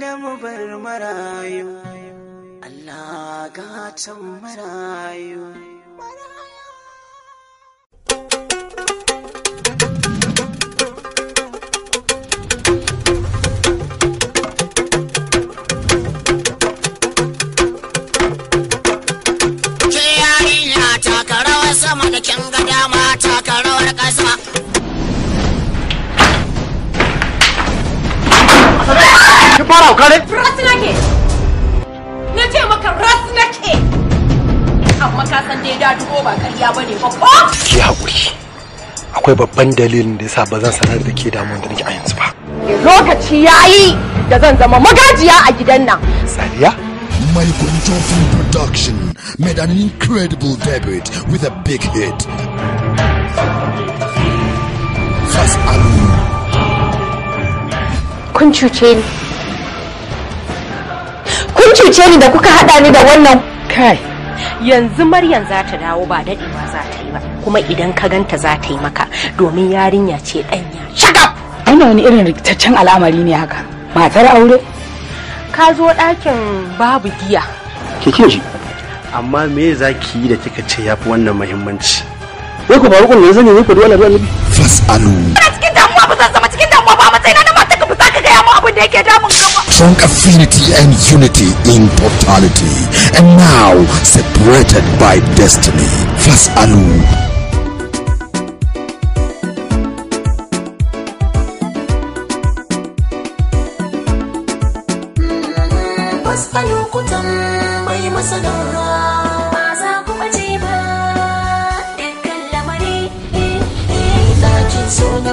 kada mu bar marayu Allah gatan marayu sama da kyan gada mata takara. hauka ne? Ras nake. Na ce maka ras nake. Amma ka san dai da dubo ba ƙarya bane ba ko? Ki haƙuri. Akwai babban dalilin da yasa ba zan sanar da ke damuwar da nake a yanzu ba. Lokaci ya yi da zan zama magajiya a gidan nan. Sariya? Michael Dolphin Production made an incredible debut with a big hit. First album. Kun cuce ni. kun cuce ni da kuka haɗa ni da wannan kai yanzu maryam za ta dawo ba daɗewa za ta yi ba kuma idan ka ganta za ta yi maka domin yarinya ce ɗanya shaka ana wani irin rikitaccen al'amari ne haka matar aure ka zo ɗakin babu giya ke shi amma me za ki yi da kika ce ya fi wannan muhimmanci wai ku ba rukun ne zan yi ku dole zan yi fasalu cikin damuwa ba zan zama cikin damuwa ba matsayina na da yake damun gaba strong affinity and unity in totality and now separated by destiny fas'alu Fas'alu ku tambayi masana eh, eh, eh. so na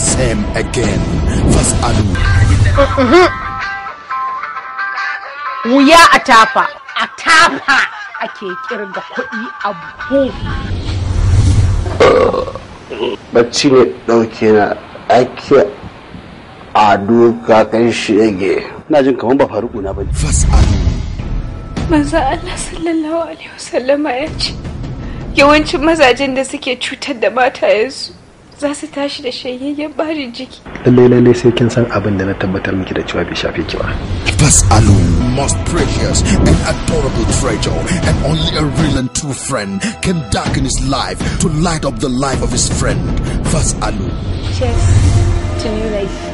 same again Anu. Mm-hmm. wuya a tafa a tafa ake kirga kuɗi a buhu bacci ne ɗauke na ake ado kakan shege na jin kamar ba faruku na bane Anu. manzo Allah sallallahu alaihi wasallama ya ce yawancin mazajen da suke cutar da mata yanzu za su tashi da shayayyen barin jiki lallai lallai sai kin san abin da na tabbatar miki da cewa bai shafe ki ba alo, most precious and adorable treasure, and only a real and true friend can darken his life to light up the life of his friend. First alone. to new life.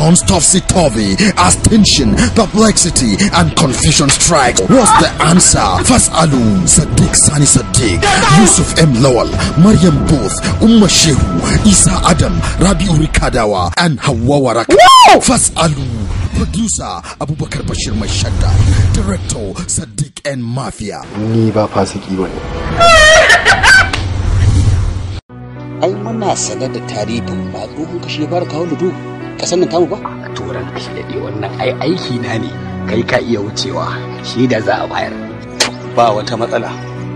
on topsy-turvy as tension, perplexity, and confusion strike. What's the answer? Fas Alu, Sadiq Sani Sadiq, Yusuf M. Lowell, Mariam Booth, Umma Shehu, Isa Adam, Rabiu Rikadawa, and Hawa Warak, Fas Alu producer abubakar bashir mai shadda director sadiq and mafia ni ba fasiki ba ai muna da tarihin ba tsohon kashe bar kawo ludu kasan nan tamu ba turan shi daɗe wannan ai aiki na ne kai ka iya wucewa shi da za a bayar ba wata matsala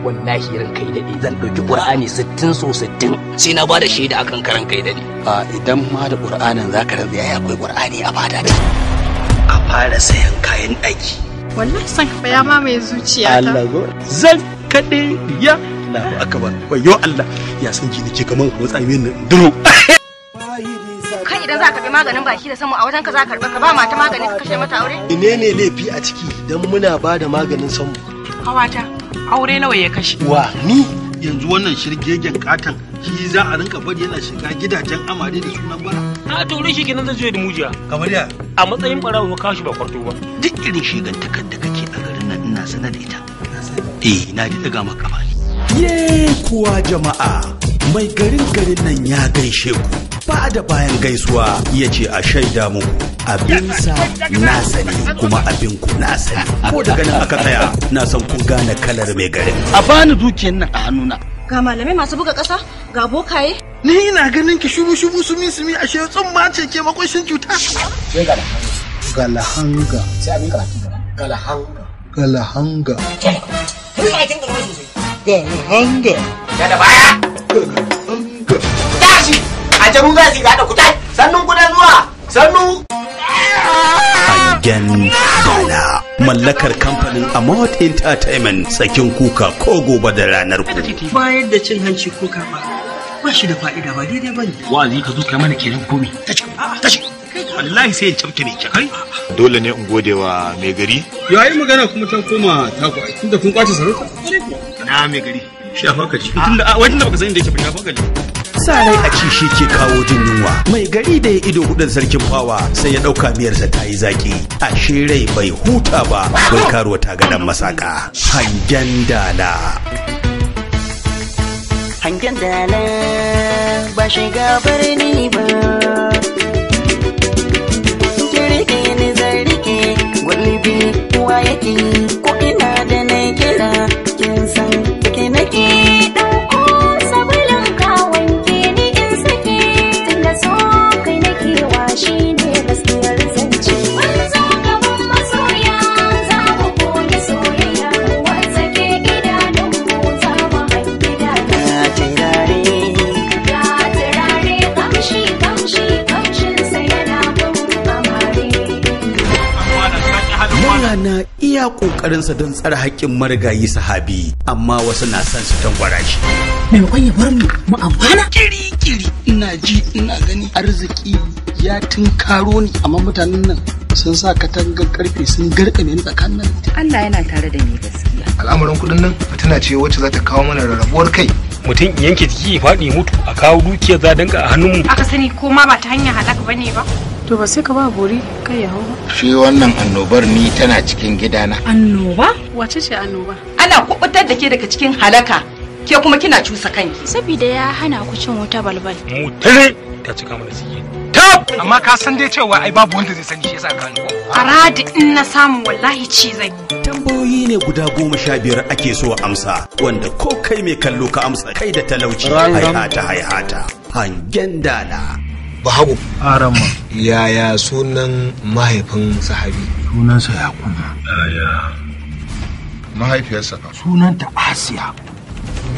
wallahi ran kai daɗe zan ɗauki qur'ani sittin so sittin sai na ba da akan karan kai da ni. a idan ma da qur'anin zaka ka ya akwai qur'ani a fada a fara sayan kayan aiki wallahi san ka ya ma mai zuciya ta allah zan kade ya Allahu akbar wayo Allah ya san ji nake kaman hotsa min duro za ka bi maganin baki da samu a wajen ka za ka ka ba mata magani ka kashe mata aure ne laifi a ciki dan muna ba da maganin samu kawata aure nawa ya kashe wa ni yanzu wannan shirgegen katan shi za a rinka bari yana shiga gidajen amare da sunan bara a to rin shi kenan zai da mujiya kamar ya a matsayin barawo ka kashi ba kwarto ba duk irin shigan takan da kake a garin nan ina sanar da ita eh na ji daga maka ba ye kuwa jama'a mai garin garin nan ya gaishe ku da bayan gaisuwa ya ce a shaida mu sa na sani kuma abin ku na sani ko da ganin aka tsaya na san kun gane kalar mai garin a bani dukiyar nan a hannuna ga malamai masu buga kasa ga bokaye ni ina ganin ki shubu shubu sumi sumi ashe tsumma ce ke makwashin cuta sai ga galahanga galahanga galahanga galahanga galahanga aljanu za su yi ku tai sannun ku da zuwa sannu Hangen mallakar kamfanin Amount Entertainment sakin kuka ko gobe da ranar ku. Bayar da cin hanci kuka ba ba shi da fa'ida ba daidai ba ne. Wa'azi ka zo kai mana kenan komi. ta tashi wallahi sai in cafke ne kai dole ne in gode wa mai gari yayi magana kuma ta koma ta ku ai tunda kun kwace sarauta na mai gari shi a fakaci tunda ka baka san da yake ba ya fakaci sa rai a ci shi ke kawo jin yunwa mai gari da ya ido hudun sarkin bawa sai ya dauka miyarsa ta yi zaki ashe rai bai huta ba bai karuwa ta ga dan masaka hangen dala hangen dala ba shiga birni ba na iya ƙoƙarinsa don tsare haƙƙin marigayi sahabi amma wasu na son su tangwara shi. Maimakon ya bar mu mu amfana? Kiri-kiri ina ji ina gani arziki ya tunkaro ni amma mutanen nan sun sa katangar karfe sun garkame ni tsakanin. Allah yana tare da ni gaskiya. Al'amuran kuɗin nan fitina ce wacce za ta kawo mana rarrabuwar kai. Mutum yanke jiki ya faɗi mutu a kawo dukiyar zadanka a hannun mu. Aka sani ko ma ba ta hanyar haɗaka ba ne ba. to ba sai ka ba bori kai ya hau shi wannan annobar ni tana cikin gidana annoba wace ce annoba ana kubutar da ke daga cikin halaka ke kuma kina cusa kanki saboda ya hana ku cin wuta balbal mu ta cika mana sike tab amma ka san dai cewa ai babu wanda zai sani shi yasa ka aradi in na samu wallahi ci zai tambayoyi ne guda goma sha biyar ake so amsa wanda ko kai mai kallo ka amsa kai da talauci hayata. haihata hangen dana. bahago arama yaya sunan mahaifin sahabi sunansa yakubu yaya mahaifiyarsa sunanta asiya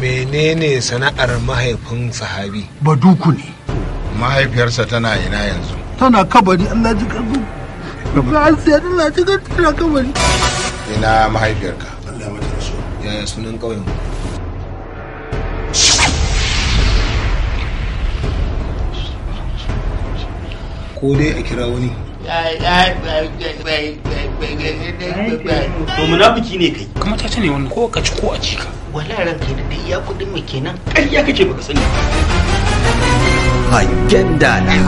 menene sana'ar mahaifin sahabi baduku ne mahaifiyarsa tana ina yanzu tana kabari allah ji karbu ga asiya tana cikin tana kabari ina mahaifiyarka allah ya mata rasu yaya sunan ƙauyen ko dai a kira wani to munafiki ne kai kuma ta ne wani ko ka ci ko a cika wala ranka da dai ya kudin mu kenan ƙarya kake baka sani hangen dana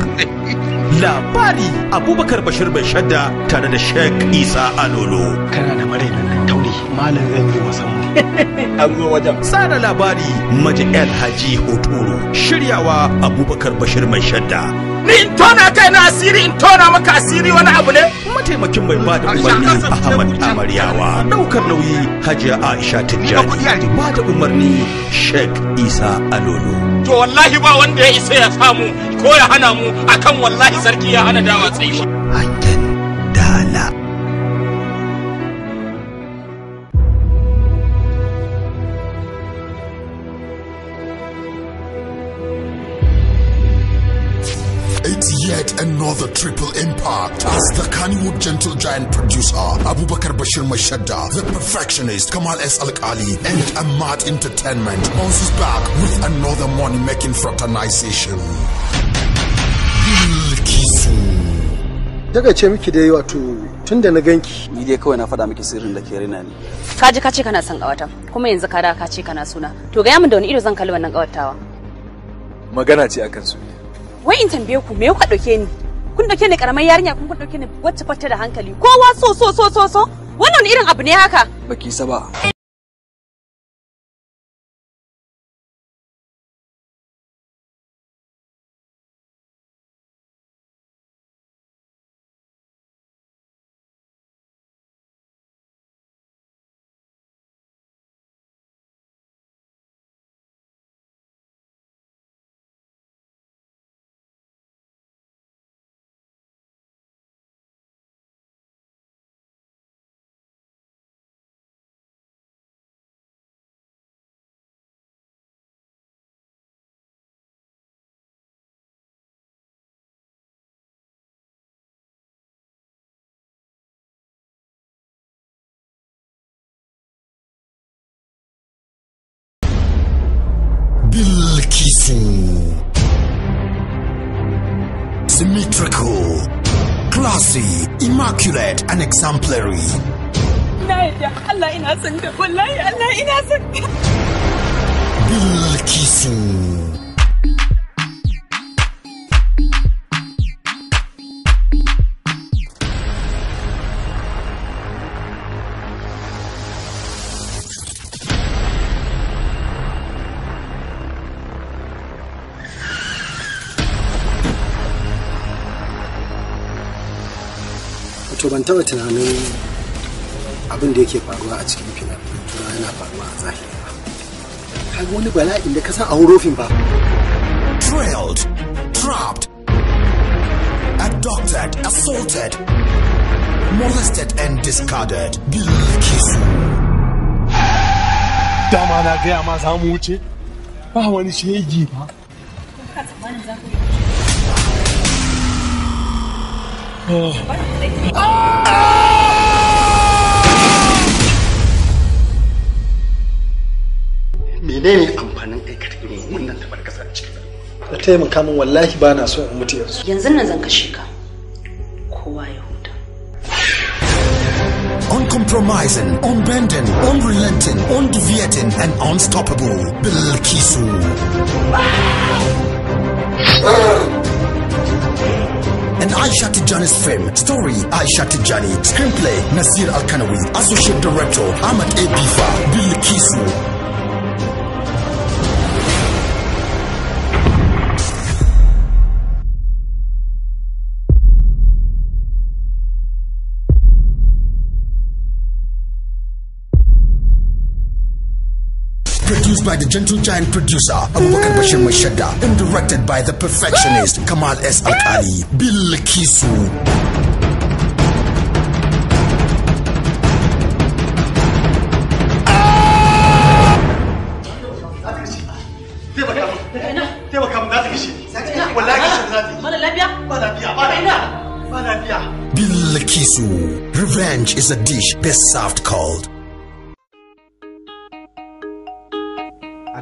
labari abubakar bashir bai shadda tare da sheikh isa alolo kana da marainin tauri malam zan yi wasan mu an zo wajen tsara labari maji el haji hotoro shiryawa abubakar bashir mai shadda ni in tona kai na asiri in tona maka asiri wani abu ne mataimakin mai ba da umarni ahmad amaryawa ɗaukar nauyi hajiya aisha tijjani ba da umarni sheikh isa alolo to wallahi ba wanda ya isa ya samu ko ya hana mu akan wallahi sarki ya hana dawa tsaye another triple impact as the Kannywood Gentle Giant producer, Abubakar Bashir Mashadda, the perfectionist Kamal S. Al Ali, and Ahmad Entertainment bounces back with another money making fraternization. daga ce miki dai wato tun da na ganki ni dai kawai na faɗa miki sirrin da ke rina ni ka ji ka ce kana son ƙawata kuma yanzu ka da ka ce kana suna to ga yamin da wani ido zan kalli wannan ƙawatawa magana ce akan ne wai in tambaye ku me kuka dauke ni kun dauke ni karamar yarinya kun kun dauke ni wacce fatta da hankali kowa so so so so so wannan irin abu ne haka baki saba Bilkisu. Symmetrical, classy, immaculate, and exemplary. Bilkisu. ban taba tunanin abin da yake faruwa a cikin filan tura yana faruwa a zahiri ba wani bala'in da ka san a hurufin ba trailed trapped abducted assaulted molested and discarded bilikisu dama na gaya ma za mu wuce ba wani shegi ba menene amfanin aikata irin wannan tabar kasa a cikin ka taimaka min wallahi ba na so in mutu yanzu yanzu nan zan kashe ka kowa ya huta uncompromising unbending unrelenting undeviating and unstoppable bilkisu ah! Aisha Tijani's film. Story Aisha Tijani. Screenplay Nasir Alkanawi. Associate Director Ahmad A. Bifa. Bill Kisu. by the gentle giant producer Abubakar Bashir Mashada and directed by the perfectionist Kamal S. Alkali, Bill Kisu. Ah! Bilkisu. Revenge is a dish best served cold.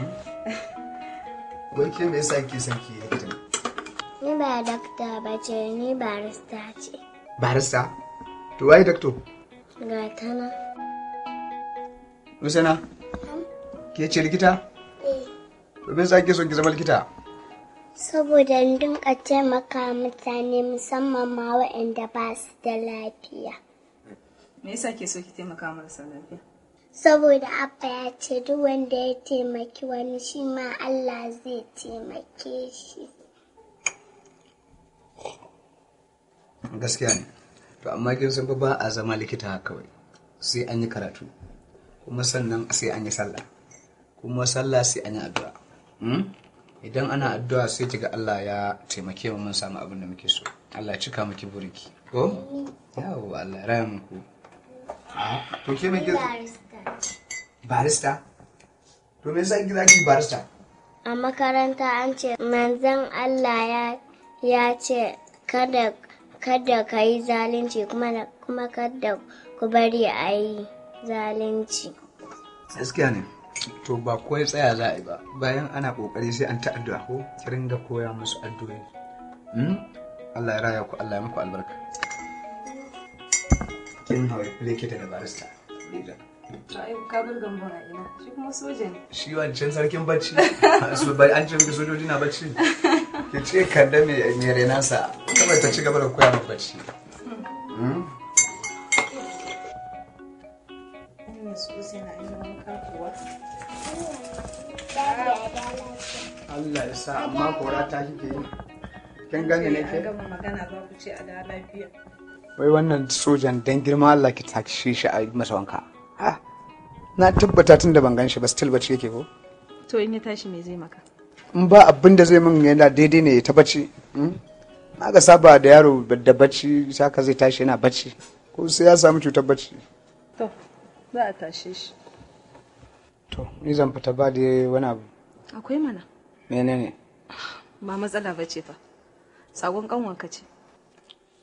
Wake me yasa kike ya ki Ni ba dakta ba ce, ni barista ce. Barista? To waye dakto? Ga ta nan. Usana? Hmm? Ke ce likita? Eh. To me yasa son ki zama likita? Saboda in dinka taimaka mutane musamman ma wa'anda ba su da lafiya. Me yasa ke so ki taimaka marasa lafiya? saboda abba ya ce duk wanda ya taimaki wani shi ma Allah zai taimake shi gaskiya ne to amma kin san ba a zama likita kawai sai an yi karatu kuma sannan sai an yi sallah kuma sallah sai an yi addu'a hmm? idan ana addu'a sai kiga Allah ya taimake mu mun samu abin da muke so Allah ya cika miki buriki ko yawo Allah ya raya muku ah, to ke barista to me yasa ki yi barista a makaranta an ce manzon Allah ya ya ce kada kada ka yi zalunci kuma kuma kada ku bari a yi zalunci gaskiya ne to ba kawai tsaya za a yi ba bayan ana kokari sai an ta addu'a ko kirin da koya musu addu'o'i hmm? Allah ya raya ku Allah ya muku albarka kin hawa likita da barista To ai ka Shi kuma soja wancan sarkin bacci. An ce miki sojoji na bacci. Ki ce kanda mai renansa. Kawai ta ci gaba da koya min bacci. Hmm? Allah ya sa amma kora ta kike yi. Kin gane ne ke? gama magana ba ku ce a da lafiya. Wai wannan sojan dan girma Allah ki tashi shi a masa wanka. Ah, na tabbata tun da ban gan shi ba still bacci yake ko to in ya tashi me zai maka in ba abin da zai min yana daidai ne ta bacci hmm? na ga saba da yaro da bacci ka zai tashi yana bacci ko sai ya samu cutar bacci to za a tashe shi to ni zan fita ba da wani abu akwai mana menene ba matsala ba ce fa sagon kanwanka ce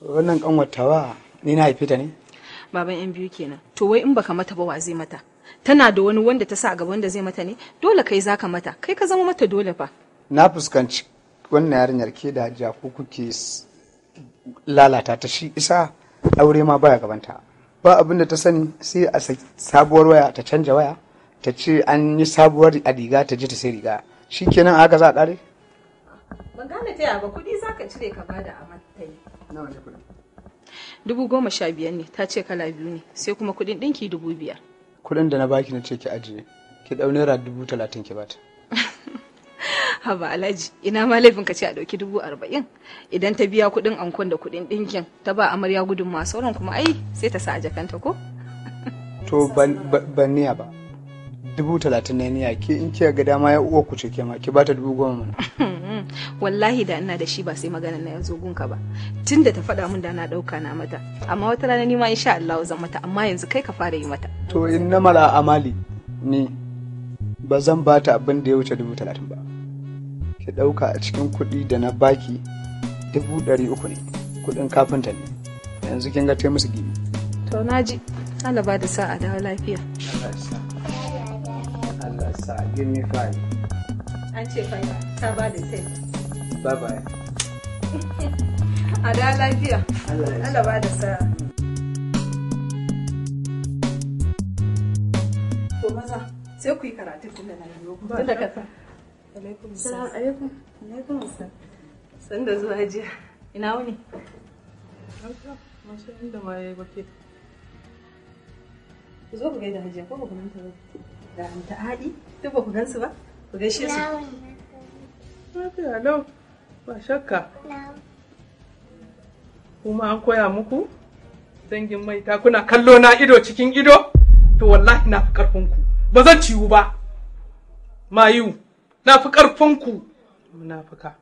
wannan tawa ni na haife ta ne baban yan biyu kenan to wai in baka mata ba wa zai mata tana da wani wanda ta sa gaba wanda zai mata ne dole kai zaka mata kai ka zama mata dole fa na fuskanci wannan yarinyar ke da hajiya ko kuke lalata ta shi isa aure ma baya gabanta ba abin ta sani sai a sabuwar waya ta canja waya ta ce an yi sabuwar a riga ta je ta sai riga shi kenan haka za a kare ban gane ta yaba kuɗi za ka cire ka bada a matayi nawa ne kudi dubu goma sha biyar ne ta ce kala biyu ne sai kuma kuɗin dinki dubu biyar kuɗin da na baki na ce ki ajiye ki ɗau naira dubu talatin ki bata haba alhaji ina ma laifin ka ce a ɗauki dubu arba'in idan ta biya kuɗin ankon da kuɗin ɗinkin ta ba amarya gudunmawa sauran kuma ai sai ta sa a jakanta ko to ban niya ba dubu talatin na niya ke in kiya ga dama ya uwa kuce ke ma ke bata dubu goma mana. Hmm, hmm. wallahi da ina da shi ba sai magana na yanzu gunka ba tun da ta faɗa min da na ɗauka na mata amma wata rana ni ma insha Allah zan mata amma yanzu kai ka fara yi mata. to in na mala amali ni ba zan bata abin da ya wuce dubu talatin ba ki ɗauka a cikin kuɗi da na baki dubu ɗari uku ne kuɗin kafinta ne yanzu kin ga ta musu gini. to na ji Allah ba da sa'a da lafiya. Allah ya sa. answer. Give me five. An ce five. Ta ba da ten. Bye bye. A da lafiya. Allah ba da sa'a. To maza sai ku yi karatu tun da na yi ku. Tun da ka sa. Alaikum salam. Alaikum. Alaikum salam. San da zuwa jiya. Ina wuni? Masha inda ma ya yi bakin. Zo ku gaida hajiya ko ba ku manta ba. da ta haɗi duk ba ku gansu ba ku gaishe su lafiya lau ba shakka kuma an koya muku dangin maita kuna kallo na ido cikin ido to wallahi na fi karfinku ba zan ciwu ba mayu na fi karfinku munafuka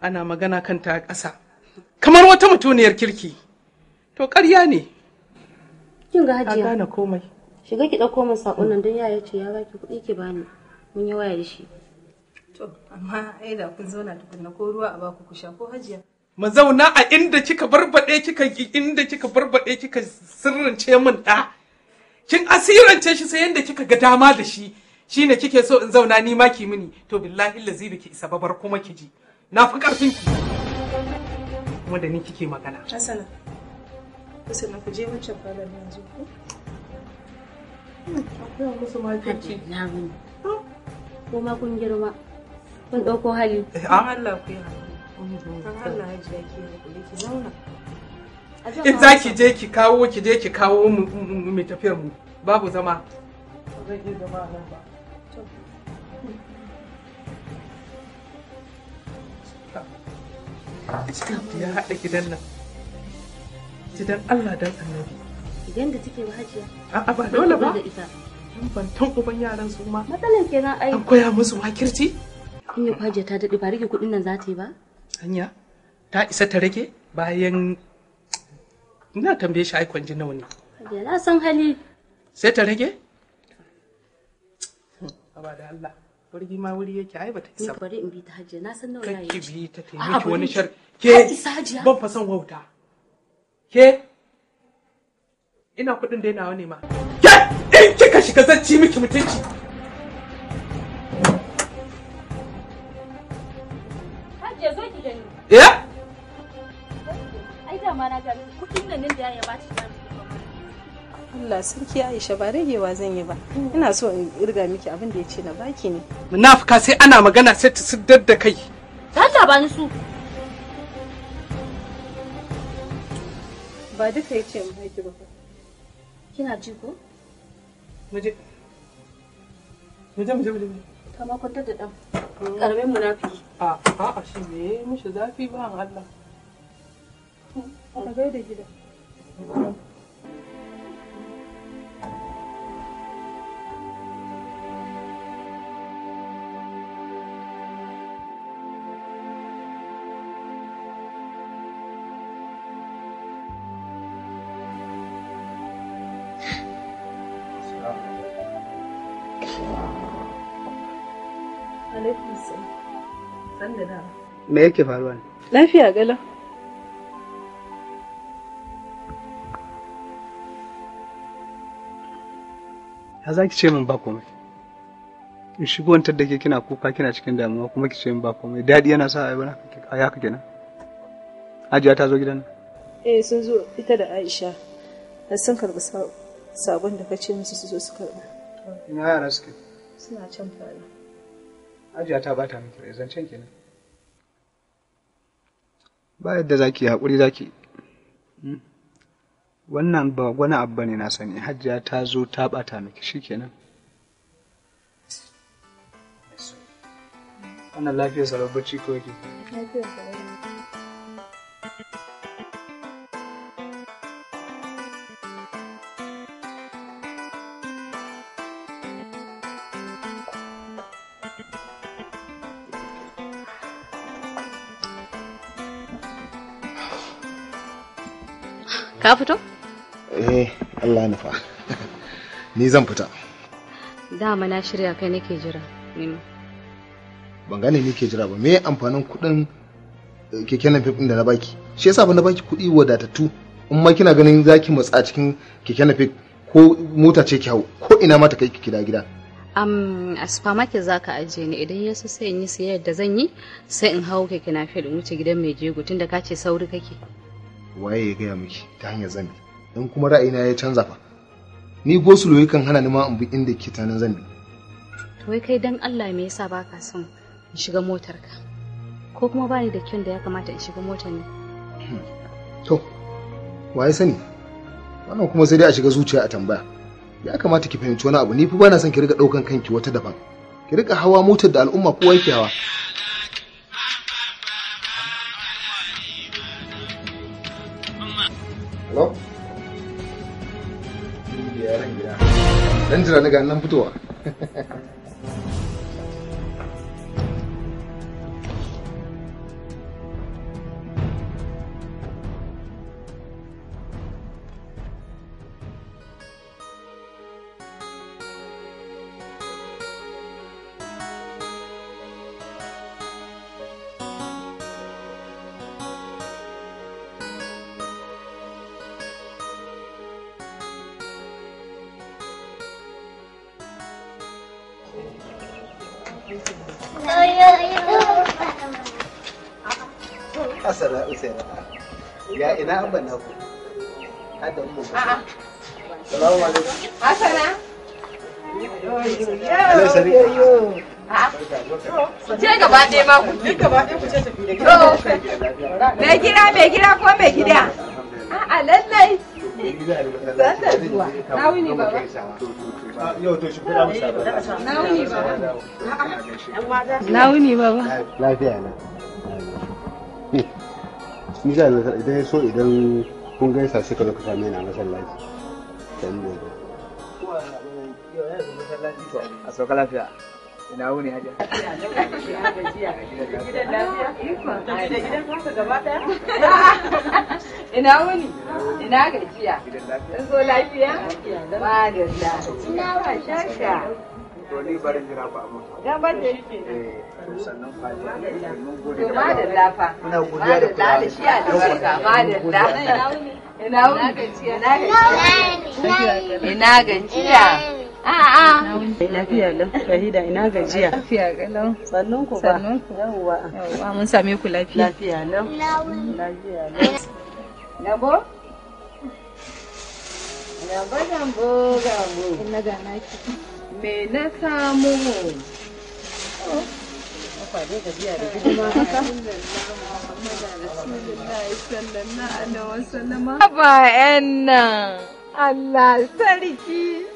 ana magana kan ta ƙasa kamar wata mutuniyar kirki to ƙarya ne kin ga hajiya gane komai shiga ki ɗauko min saƙon nan don yaya ce ya baki kuɗi ki bani mun yi waya da shi to amma ai da kun zauna tukunna ko ruwa a baku ku sha ko hajiya mu zauna a inda kika barbade kika inda kika barbade kika sirrince min ɗa kin asirance shi sai yanda kika ga dama da shi shine kike so in zauna ni ma ki mini to billahi lazi biki isa babar kuma ki ji na fi karfin ki kuma da ni kike magana hasana sai ku je wancan falon yanzu ko Akwai musu Ko ma kun girma. Kun ɗauko hali. Eh, ah. Allah ku yi In za ki je ki kawo ki je ki kawo mu mai tafiyar mu babu zama. Zan iya zama a nan ba. ya haɗa gidan nan. Gidan Allah don annabi. Gidan da take hajiya. A'a ba dole ba. Bantan uban yaran su ma. Matsalar kenan ai. An koya musu wakirci? In kwaje ta daɗe ba rage kuɗin nan za ta yi ba? Hanya ta isa ta rage bayan ina tambaye shi aikon ji nawa ne. Na san hali. Sai ta rage? Aba da Allah. ma wuri yake ai isa ba. Bari in bi ta hajiya na san nawa bi ta taimaki wani shar. Ke ban fasan wauta. Ke ina kuɗin da nawa ne ma ke in kika shiga zacci miki mutunci Hajiya zo ki gani. Eh? Ai da ma na ga kudin nan da ya baci na Allah sarki Aisha ba ragewa zan yi ba. Ina so in irga miki abin da ya ce na baki ne. Munafika sai ana magana sai ta siddar da kai. Ta ba ni su. Ba duka ya ce in baki ba. Kina ji ko? Muje. Muje muje muje. Ta ma da ɗan. Mm. Ƙaramin munafiki. shi ya yi mishi zafi ba Allah. Ka mm. me yake faruwa ne lafiya gala ya za ki ce min ba komai in shigo wantar da ke kina kuka kina cikin damuwa kuma ki ce min ba komai daɗi yana sa a ya ka kenan ajiya ta zo gidan nan eh sun zo ita da aisha har sun karɓi sabon da ka ce musu su zo su karɓi. ina yara suke suna can fara ajiya ta bata miki zancen kenan ba yadda za ki haƙuri ki wannan ba wani abu ba ne na sani hajjiya ta zo ta ɓata miki nan. wannan lafiyar sarabacci ko yake lafiyar sarabacci Ka fito? Eh, Allah ya nufa. Ni zan fita. Dama na shirya kai nake jira. Ban gane nake jira ba. Me amfanin kuɗin eh, keken nan da na baki? Shi yasa ba na baki kuɗi wadatattu. In ma kina ganin zaki matsa a cikin keke nan ko mota ce ki hau ko ina ma ta kai ki gida gida. Am a supermarket za ka ajiye ni idan ya sai in yi sayar da zan yi sai in hau keke na in wuce gidan mai jego tunda ka ce sauri kake. waye ya gaya miki ta hanyar zambi in kuma ra'ayina ya canza fa ni gosulo yakan hana ni ma in bi inda ke nan zambi to wai kai dan Allah me yasa baka son in shiga motar ko kuma bani da kyan da ya kamata in shiga motar ne hmm. to waye sani wannan kuma sai dai a shiga zuciya a tambaya ya kamata ki fahimci wani abu ni fa bana son ki riga daukan kanki wata daban ki riga hawa motar da al'umma kowa yake hawa 人知道那个人不多。ma ku gida mai gida ko mai gida a'a lallai na wuni baba baba na baba lafiya na ni na idan so idan kun gaisa sai zo ka same ni a masallaci dan a sauka lafiya ina wuni hajiya ina wuni ina gajiya in zo lafiya ma da ina ba shaka Doni barin jira ba mu. Dan ba da yake. Eh, sannan fatiha Ma da lafa. Ina godiya da kula. Ma da shi a da barka. Ma da lafa. Ina gajiya. Ina gajiya. A'a. Lafiya Shahida ina gajiya. Lafiya Sannun ku ba. Sannun ku. Yawwa. Yawwa mun same ku lafiya. Lafiya lau. Lafiya lau. gambo gambo. Ina ga naki. Me na samu? Oh. Ba gajiya da Haba ‘yan Allah sarki,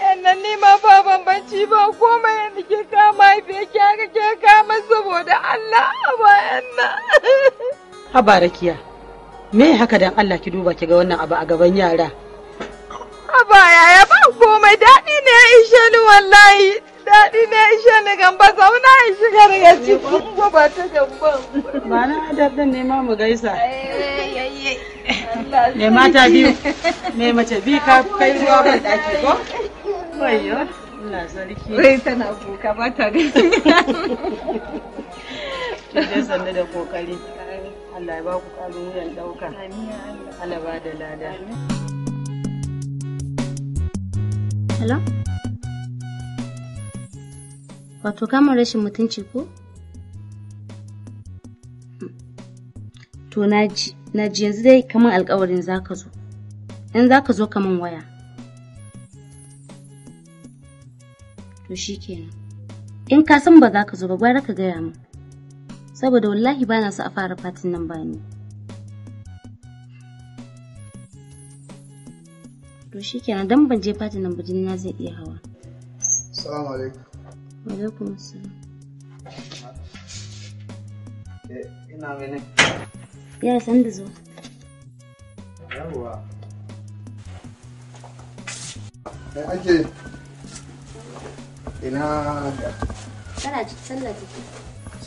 ‘yan nan nima ba bambanci ba komai yadda ke kama fiye kyara ke kama saboda Allah haba ‘yan nan. rakiya, me haka dan Allah ki duba ki ga wannan abu a gaban yara? Haba yaya ba komai daɗi ne ishe ni wallahi. Daɗi ne ishe ni gamba zauna in shiga daga ciki. Ko ba ta gamban. Ba na daɗin nema mu gaisa. Eh, mai mata biyu, mai mace biyu ka kai ruwa ban ɗaki ko? Wayo. Wai tana kuka ba ta gaisa. da kokari. Allah ya ba ku ƙalubalen ɗauka. Allah ba da lada. salam wato kamar rashin mutunci ko to naji naji yanzu dai kamar alkawarin zaka zo in zaka zo kamar waya to shikenan in ka san ba za ka zo ba gwara ka gaya mu saboda wallahi bana so a fara fatin nan ba ni. to kenan dan ban je fata nan bujin na zai iya hawa assalamu alaikum wa alaikum assalam eh, ina mene ya san da zo yawa dan ake ina da kana ji sallah jiki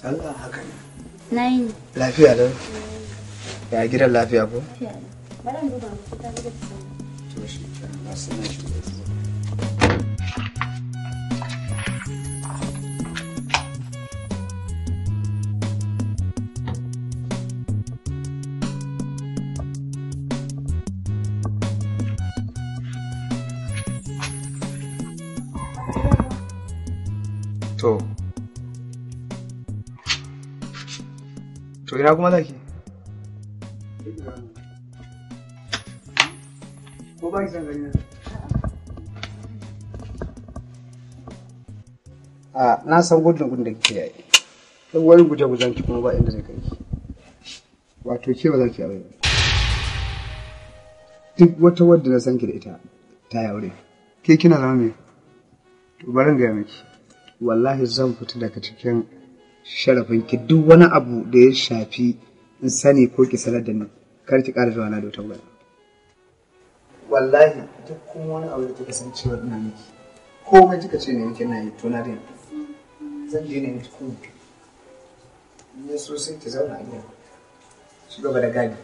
sallah haka ne na yi lafiya da ya gidan lafiya ko lafiya da bari mu duba mu ta gidan to shi ga su nan To, to kuma na san gudun gudun da kike yayi don wani guje guzan ki kuma ba inda zai kai wato ke ba za ki aure duk wata wadda na san ki da ita ta yi aure ke kina zama me to bari ga miki wallahi zan fita daga cikin sharafin ki duk wani abu da ya shafi in sani ko ki sanar da ni kar ki ƙara zuwa na da wata wallahi duk kuma wani abu da kika san cewa ina miki komai kika ce ne miki na yi to na zan je na miki ne so sai zauna a gidan ci gaba da gadi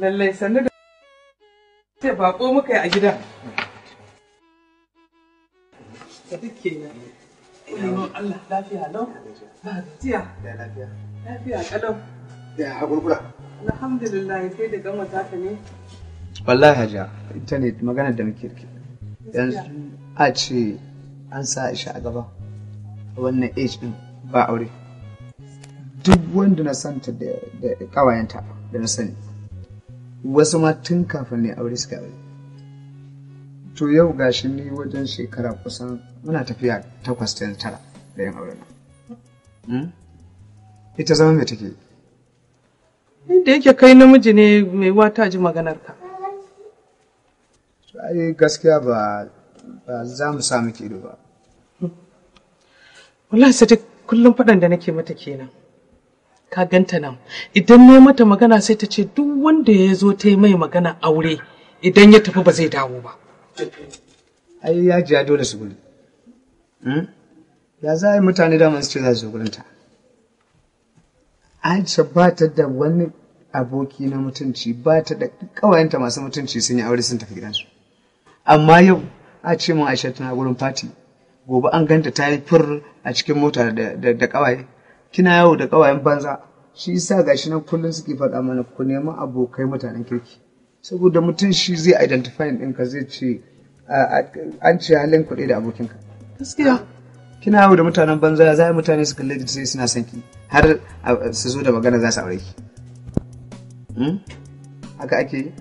lallai sannu da ce bako muka yi a gidan kenan ilimin Allah lafiya lau lafiya lafiya kalau da hakurkura alhamdulillah da gama ne wallahi hajiya ita ne maganar da muke yanzu a ce an sa Aisha a gaba A wannan age din ba aure duk wanda na santa da kawayenta da na sani wasu ma tun kafin ne aure suka aure to yau gashi ni wajen shekara kusan muna tafiya takwas ta tara da yin aure na. Hmm? ita zama mai take da yake kai namiji ne mai wata ji maganar ka ai gaskiya ba za mu sa miki ido ba wallahi sadiq kullum faɗan da nake mata kenan ka ganta nan idan ne mata magana sai ta ce duk wanda ya zo ta yi mai magana aure idan ya tafi ba zai dawo ba ai ya ji dole su gudu hmm? ya za a yi mutane dama su ce za su gurinta aisha ba ta da wani aboki na mutunci ba ta da ƙawayenta masu mutunci sun yi aure sun tafi gidansu amma yau a ce mun aisha tana gurin fati gobe an ganta ta yi fur a cikin mota da ƙawaye kina yawo da ƙawayen banza shi isa shi nan kullum suke faɗa mana ku neman abokai mutanen kirki saboda mutum shi zai identify identifying ɗinka zai ce an ce halin kuɗi da abokinka gaskiya kina yawo da mutanen banza za a mutane su kalle sai suna son ki har su zo da magana za su aure ki hmm? haka ake yi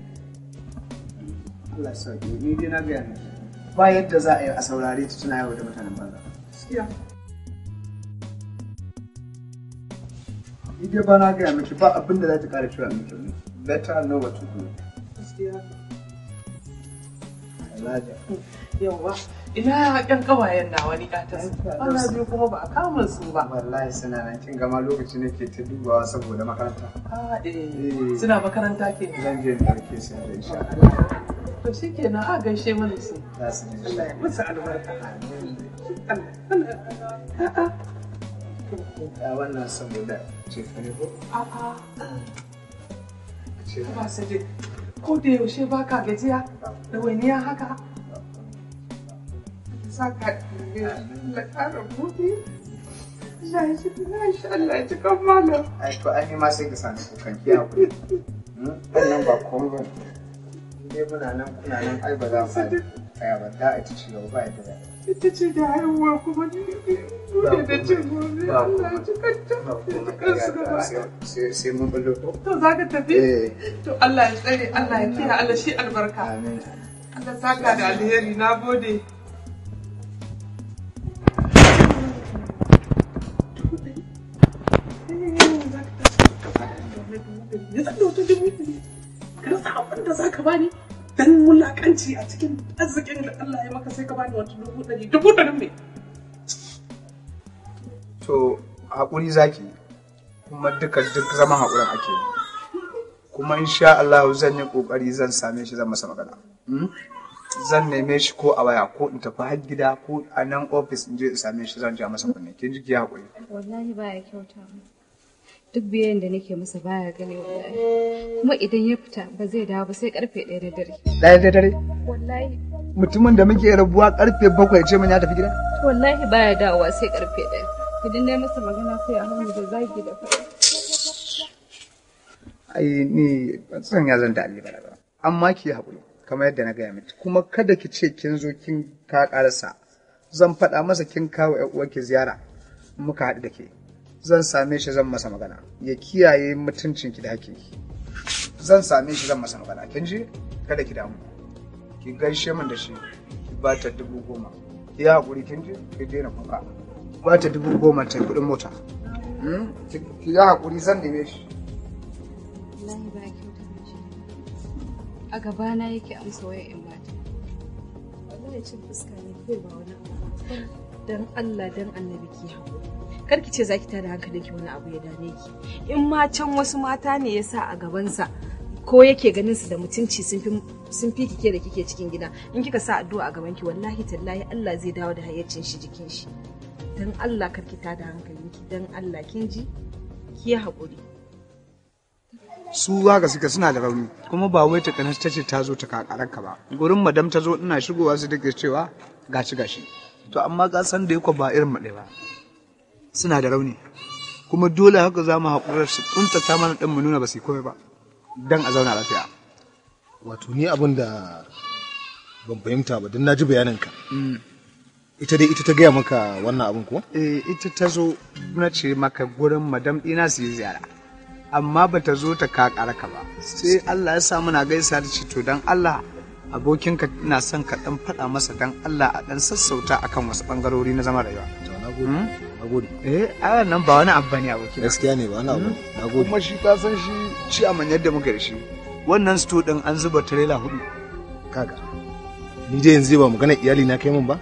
Allah sauke ni dai na gaya ba yadda za a yi a saurare ta tana yau da mutanen banza gaskiya Ije ba na gaya miki ba abin da za ta kare cewa miki ne. Better know what to do. Gaskiya. Alhaji. Yawwa. Ina ƴan ƙawayen na wani ƙatar. su. biyu kuma ba a kama su ba. Wallahi suna nan kin gama lokaci nake ta dubawa saboda makaranta. Ah eh. eh. Suna makaranta ke. Zan je ne ɗauke sai da insha Allah. To shi ke nan a gaishe mana su. Allah ya musu albarka. A wannan saboda ce Ba Ko da yaushe ba ka gajiya da haka? Saka ƙara buɗe. Allah ya ji kan malam. Ai, an yi ma sai ka sani kiyaye. Hmm? Wannan ba komai ba. dai muna nan kuna nan ai ba za mu haɗu kaya ba za a ci ci ba yadda za ita ce da haihuwa kuma ni ne da ce gobe sai mun bullo ko to za ka tafi eh. to Allah ya tsare Allah ya kiyaye Allah shi albarka amin Allah saka da alheri na gode da wata dubu ka rasa abin da za ka bani. dan mulakanci a cikin arzikin da Allah ya maka sai ka bani wata dubu ɗari dubu ɗari me to haƙuri zaki kuma duka duk zaman haƙurin ake kuma insha Allah zan yi ƙoƙari zan same shi zan masa magana hmm? zan neme shi ko a waya ko in tafi har gida ko a nan ofis in je in same shi zan ja masa kunne kin ji ki haƙuri wallahi baya kyauta duk biyayen da nake masa baya gani wallahi kuma idan ya fita ba zai dawo ba sai karfe 1 da dare ɗaya da dare wallahi mutumin da muke rabuwa karfe bakwai ce mun ya tafi gida wallahi baya dawowa sai karfe 1 idan dai masa magana sai a hannu da zagi da fara ai ni ban san ya zan da ba amma ki haƙuri kamar yadda na gaya miki kuma kada ki ce kin zo kin ka karasa zan faɗa masa kin kawo ƴan uwanki ziyara muka haɗu da ke zan same shi zan masa magana ya kiyaye mutuncin ki da hakinki zan same shi zan masa magana kin ji kada ki damu ki gaishe min da shi ki ba ta dubu goma ki ya hakuri kin ji ki daina kuka ba ta dubu goma ta kuɗin mota hmm? ki ya hakuri zan neme shi wallahi ba ki a gaba na yake amsa waya in mata wallahi cin fuska ne kai ba wani abu dan Allah dan annabi ki hakuri kar ki ce zaki tada hankalinki wani abu ya dame ki in ma can wasu mata ne ya sa a gabansa ko yake ganin su da mutunci sun fi kike da kike cikin gida in kika sa addu'a a gaban ki wallahi tallahi Allah zai dawo da hayyacin shi jikin shi dan Allah kar ki tada hankalinki dan Allah kin ji ki haƙuri su zaka suka suna da rauni kuma ba wai ta kanas tace ta zo ta ka ba gurin madam ta zo ina shigowa su take cewa gashi gashi to amma ka san da yako ba irin maɗe ba suna da rauni kuma dole haka za mu haƙurar su ƙuntata mana ɗan mu nuna ba su komai ba don a zauna lafiya wato ni abin da ban fahimta ba don na ji bayaninka mm. ita dai ita ta gaya maka wannan abin ko? eh ita ta zo na ce maka gurin madam ɗina su yi ziyara amma ba ta zo ta kakara ka ba sai Allah ya sa muna gaisa da ce to dan Allah abokinka ina son ka dan faɗa masa dan Allah a dan sassauta akan wasu bangarori na zama rayuwa to na gode mm. nagode eh a nan ba wani abu bane aboki gaskiya ne ba wani abu hmm? nagode kuma shi ka san shi ci a manyan da muka da shi wannan sto din an zuba trailer hudu kaga ni dai yanzu ba magana iyali na kai mun ba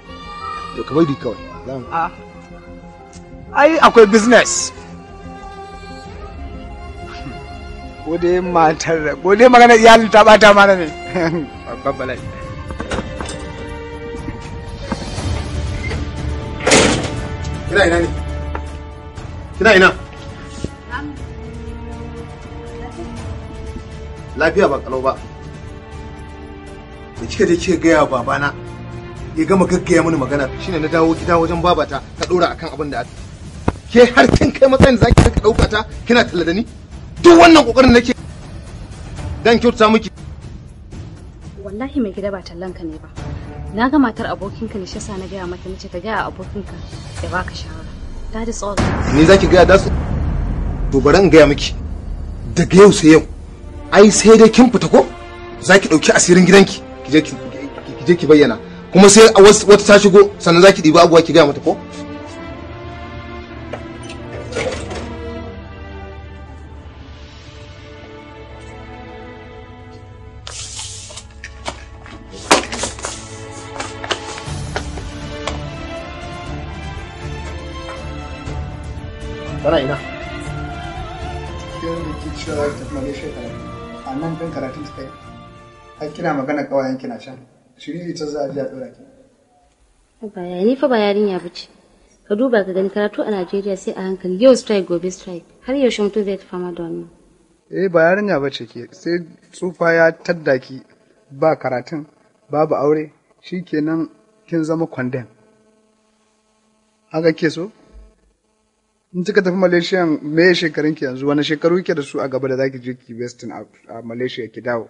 to ka bari kawai a ah. ai akwai business ko dai matar ko dai magana iyalin ta bata mana ne babban bala'i kina ina ne kina ina lafiya ba kalau ba da kika je kika gaya babana ya gama gaggaya mini magana shine na dawo gida wajen babata ta dora akan abin da aka ke har kin kai matsayin da zaki rika dauka ta kina talla da ni duk wannan kokarin nake dan kyauta miki wallahi mai gida ba tallanka ne ba na ga matar abokinka ne shi na gaya mata nace ta gaya abokinka ya baka shawara that is all ni zaki gaya da su to in gaya miki daga yau sai yau ai sai dai kin fita ko zaki dauki asirin gidanki ki je ki bayyana kuma sai wata ta shigo sannan zaki dibi abuwa ki gaya mata ko kina magana kawayen kina shan shiriri ta za a ji a dora ki ba ya ni fa ba yarinya bace ka duba ka gani karatu a Najeriya sai a hankali yau strike gobe strike har yaushe mutum zai fama da wannan eh ba yarinya bace ke sai tsufa ya taddaki ba karatun babu aure shikenan kin zama kwandan. haka ke so in kika tafi Malaysia me shekarun ki yanzu wani shekaru kike da su a gaba da zaki je ki western a Malaysia ki dawo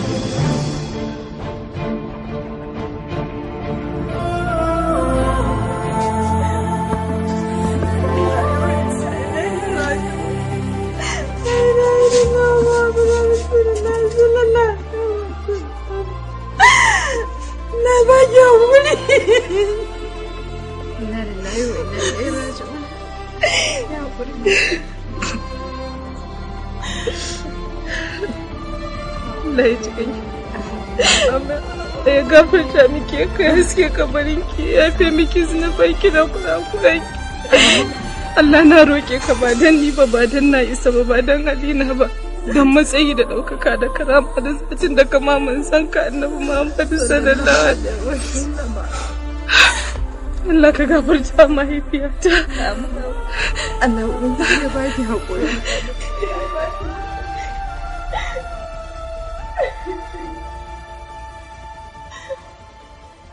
Allah ya ji kanki ya gafarta ya kai na roke ka ba dan ni ba ba dan na isa ba ba dan halina ba don matsayi da ɗaukaka da karama da zacin da kama mun san ka annabi Muhammadu sallallahu alaihi wasallam Allah ka gafarta Allah ubangiji ba ki hakuri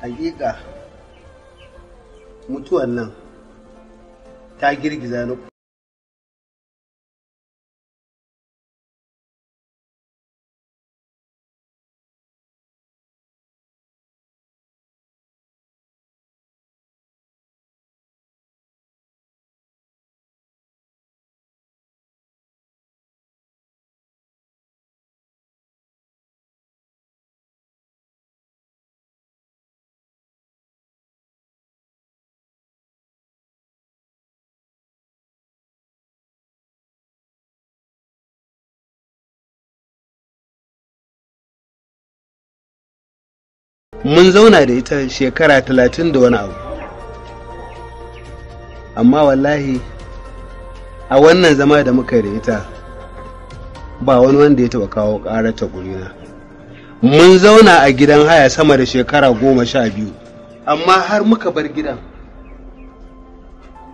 hakika mutuwan nan ta girgiza ni mun zauna da ita shekara talatin da wani abu amma wallahi a wannan zama da muka da ita ba wani wanda ya taɓa kawo ƙarata gurina mun zauna a gidan haya sama da shekara goma sha biyu amma har muka bar gidan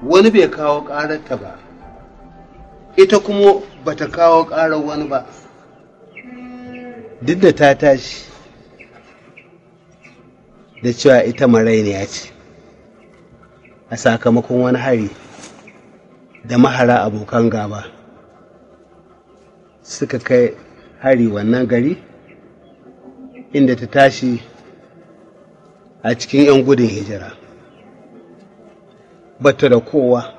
wani bai kawo ƙararta ba ita kuma bata kawo ƙarar wani ba duk da ta tashi da cewa ita marainiya ce a sakamakon wani hari da mahara abokan gaba suka kai hari wannan gari inda ta tashi a cikin 'yan gudun hijira bata da kowa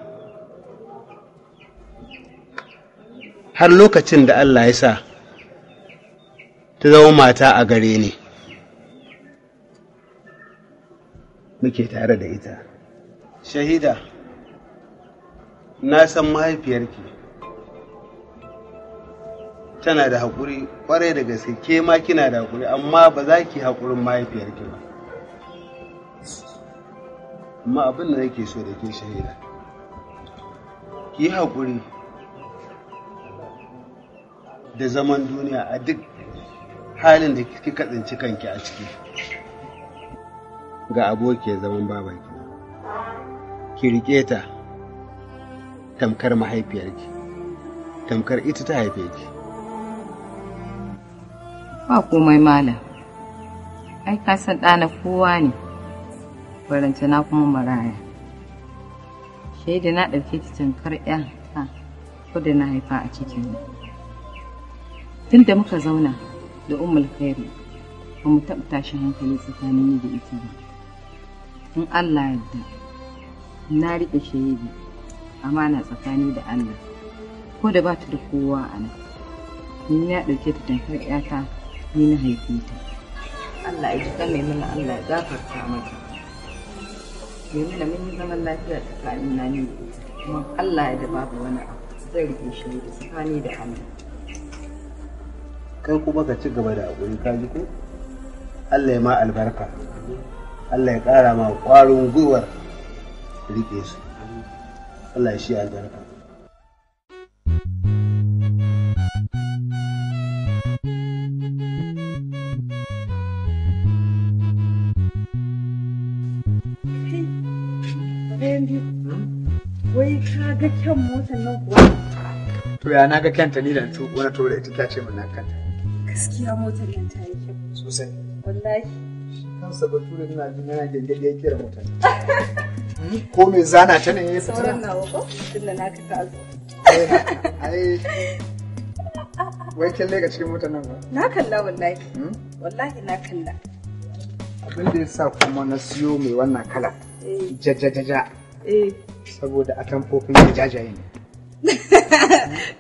har lokacin da allah ya sa ta zama mata a gare ni muke tare da ita shahida na san mahaifiyarki tana da haƙuri ƙwarai da gaske ke ma kina da haƙuri amma ba za ki haƙurin mahaifiyarki ba amma abin da nake so da ke shahida ki yi haƙuri da zaman duniya a duk halin da kika tsinci kanki a ciki ga abokin zaman baban ki riƙe ta tamkar mahaifiyarki tamkar ita ta haife ki ba komai malam ai ka san ɗana kowa ne barantana na kuma maraya shaida na ɗauke ta tamkar ƴa ta da na haifa a cikin tun da muka zauna da umul khairu ba mu taɓa tashin hankali tsakanin ni da ita ba in Allah yadda na riƙe amma amana tsakani da Allah ko da ba ta da kowa a nan ni na ɗauke ta tamkar ƴata ni na haife ta Allah ya jika mai mana Allah ya gafarta mata mai mana mun yi zaman lafiya tsakanin na ni kuma Allah ya da babu wani abu zai riƙe shahidi tsakani da Allah kai kuma ka ci gaba da abun ka ji ko Allah ya ma albarka Allah ya ƙara ma ƙwarin gwiwar riƙe su Allah ya shi albarka Wai ka ga kyan motar nan kuwa? To ya na ga kyanta ni da wani tura ita ta ce mun na kanta. Gaskiya motar nan ta yi kyau. Sosai. Wallahi. kansa bature ina jin yana gengede yake da mutane ko mai zana ta ne ya fita sauran nawa ko tunda na ka kazo eh, ai wai kyalle ga cikin mutanen ba na kalla wallahi hmm? wallahi na kalla abin da ya sa kuma na siyo mai wannan kala eh. jajajaja eh. saboda a atamfofin jajaye ne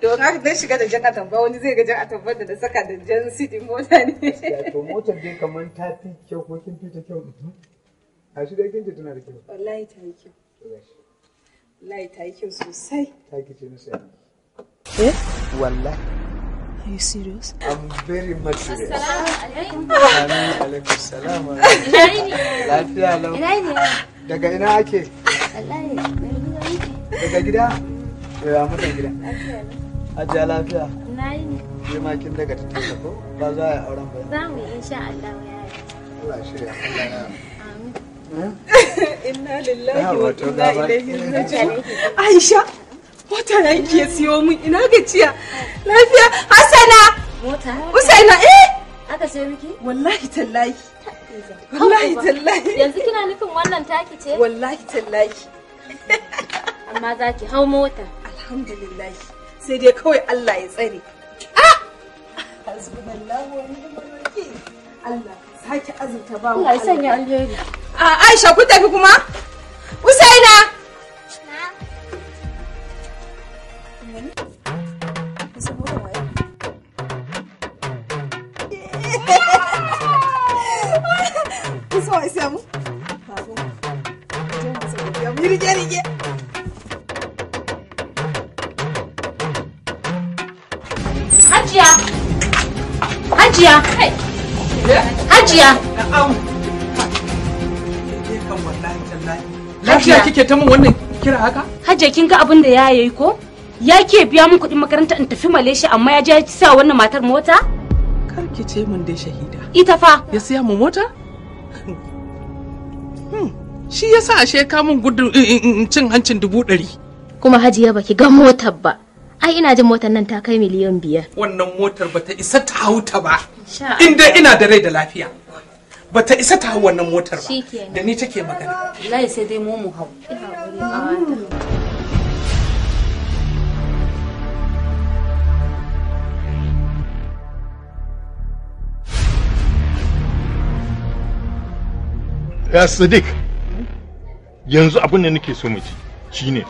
don haka dan shiga da jan atamba wani zai ga jan atamba da na saka da jan city mota ne to motar dai kamar ta fi kyau ko kin fi ta kyau a shi dai kinta tana da kyau wallahi ta yi kyau wallahi ta yi kyau sosai ta ki ce na sai eh wallahi Are you serious? I'm very much serious. Assalamu alaikum. Assalamu alaikum. Lafiya lau. Ina ne? Daga ina ake? Wallahi, daga gida. To ya mutan gida? Ajiya lafiya. Na yi ne. daga ta ko? Ba za a yi auren ba. Za mu yi insha Allah ya yi. Allah ya. Eh? Inna lillahi wa inna ilaihi raji'un. Aisha, mota ke siyo min ina Lafiya, Mota. Usaina eh. Aka sayo miki? Wallahi tallahi. Wallahi tallahi. Yanzu kina nufin wannan taki ce? Wallahi tallahi. Amma za ki hau mota. alhamdulillah sai dai kawai Allah ya tsare Allah sake azurta ba mu Allah ya sanya alheri a Aisha ku tafi kuma Usaina Kusa wa isa mu? Babu. Rige rige. Hajiya. Hajiya. Hajiya. Lafiya kike ta min wannan kira haka? Hajiya kin ga abin da ya yi ko? Ya ke biya min kuɗin makaranta in tafi Malaysia amma ya je ya sa wannan matar mota? Kar ki ce min dai shahida. Ita fa. Ya siya mu mota? Hmm. Shi yasa ashe kamun gudun eh, eh, eh, cin hancin dubu ɗari. Kuma Hajiya baki ga motar ba. ai ina jin motar nan ta kai miliyan biyar wannan motar bata isa ta ta ba in ina da rai da lafiya bata isa ta hau wannan motar ba da ni take magana wallahi sai dai mu hau Ya Sadiq, yanzu abin da nake so mu ci shine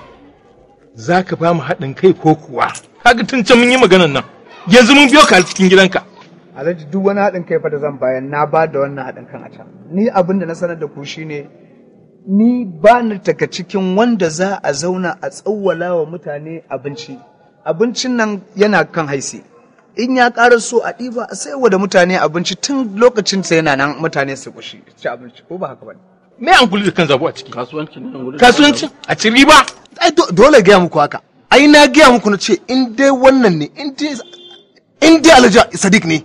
za ka ba mu haɗin kai ko kuwa kaga tun can mun yi maganar nan yanzu mun biyo ka cikin gidanka alhaji duk wani haɗin kai fa da zan bayan na ba da wannan haɗin kan a can ni abin da na sanar da ku shine ni ba ni taka cikin wanda za a zauna a tsawwala wa mutane abinci abincin nan yana kan haisi in ya ƙara so a ɗiba a saiwa da mutane abinci tun lokacin sa yana nan mutane su kushi ci abinci ko ba haka ba ne me an gulu da kan zabo a ciki kasuwanci a ci riba ai dole gaya muku haka ai na gaya muku na ce in dai wannan ne in dai alhaji sadiq ne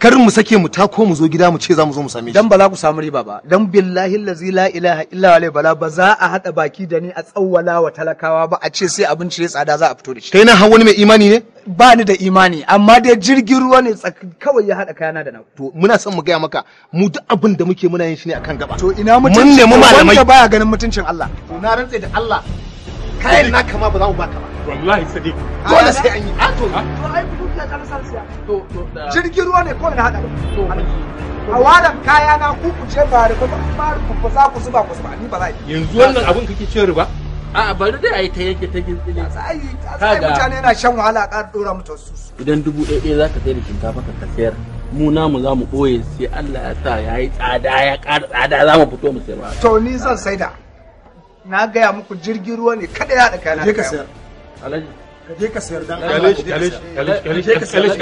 kar mu sake mu tako mu zo gida mu ce za mu zo mu same shi dan bala ku samu riba ba dan billahi allazi la ilaha illa huwa bala ba za a hada baki da ni a tsawwala wa talakawa ba a ce sai abinci ya tsada za a fito da shi kai na hawo wani mai imani ne ba ni da imani amma dai jirgin ruwa ne kawai ya hada kayana da na to muna son mu gaya maka mu duk abin da muke muna yin shi ne akan gaba to ina mutunci mun mu malamai wanda baya ganin mutuncin Allah to na rantse da Allah kayan na kama ba za mu baka ba wallahi sadiq dole sai an yi a ah, to to ai dukiya ta san siya to to jirgin ruwa ne na hada a wadan kaya na ku ku je ku ku zuba ku zuba ni riba a bari dai a ta ta sai sai mutane na shan wahala ka dora idan dubu ɗaya zaka da shinkafa ka sayar mu za mu ɓoye sai Allah ya sa ya yi ya ƙara tsada za mu fito mu to ni zan saida na gaya muku jirgin ruwa ne kada ya haɗa kana ka sayar alhaji ka je ka sayar dan Allah ka je ka sayar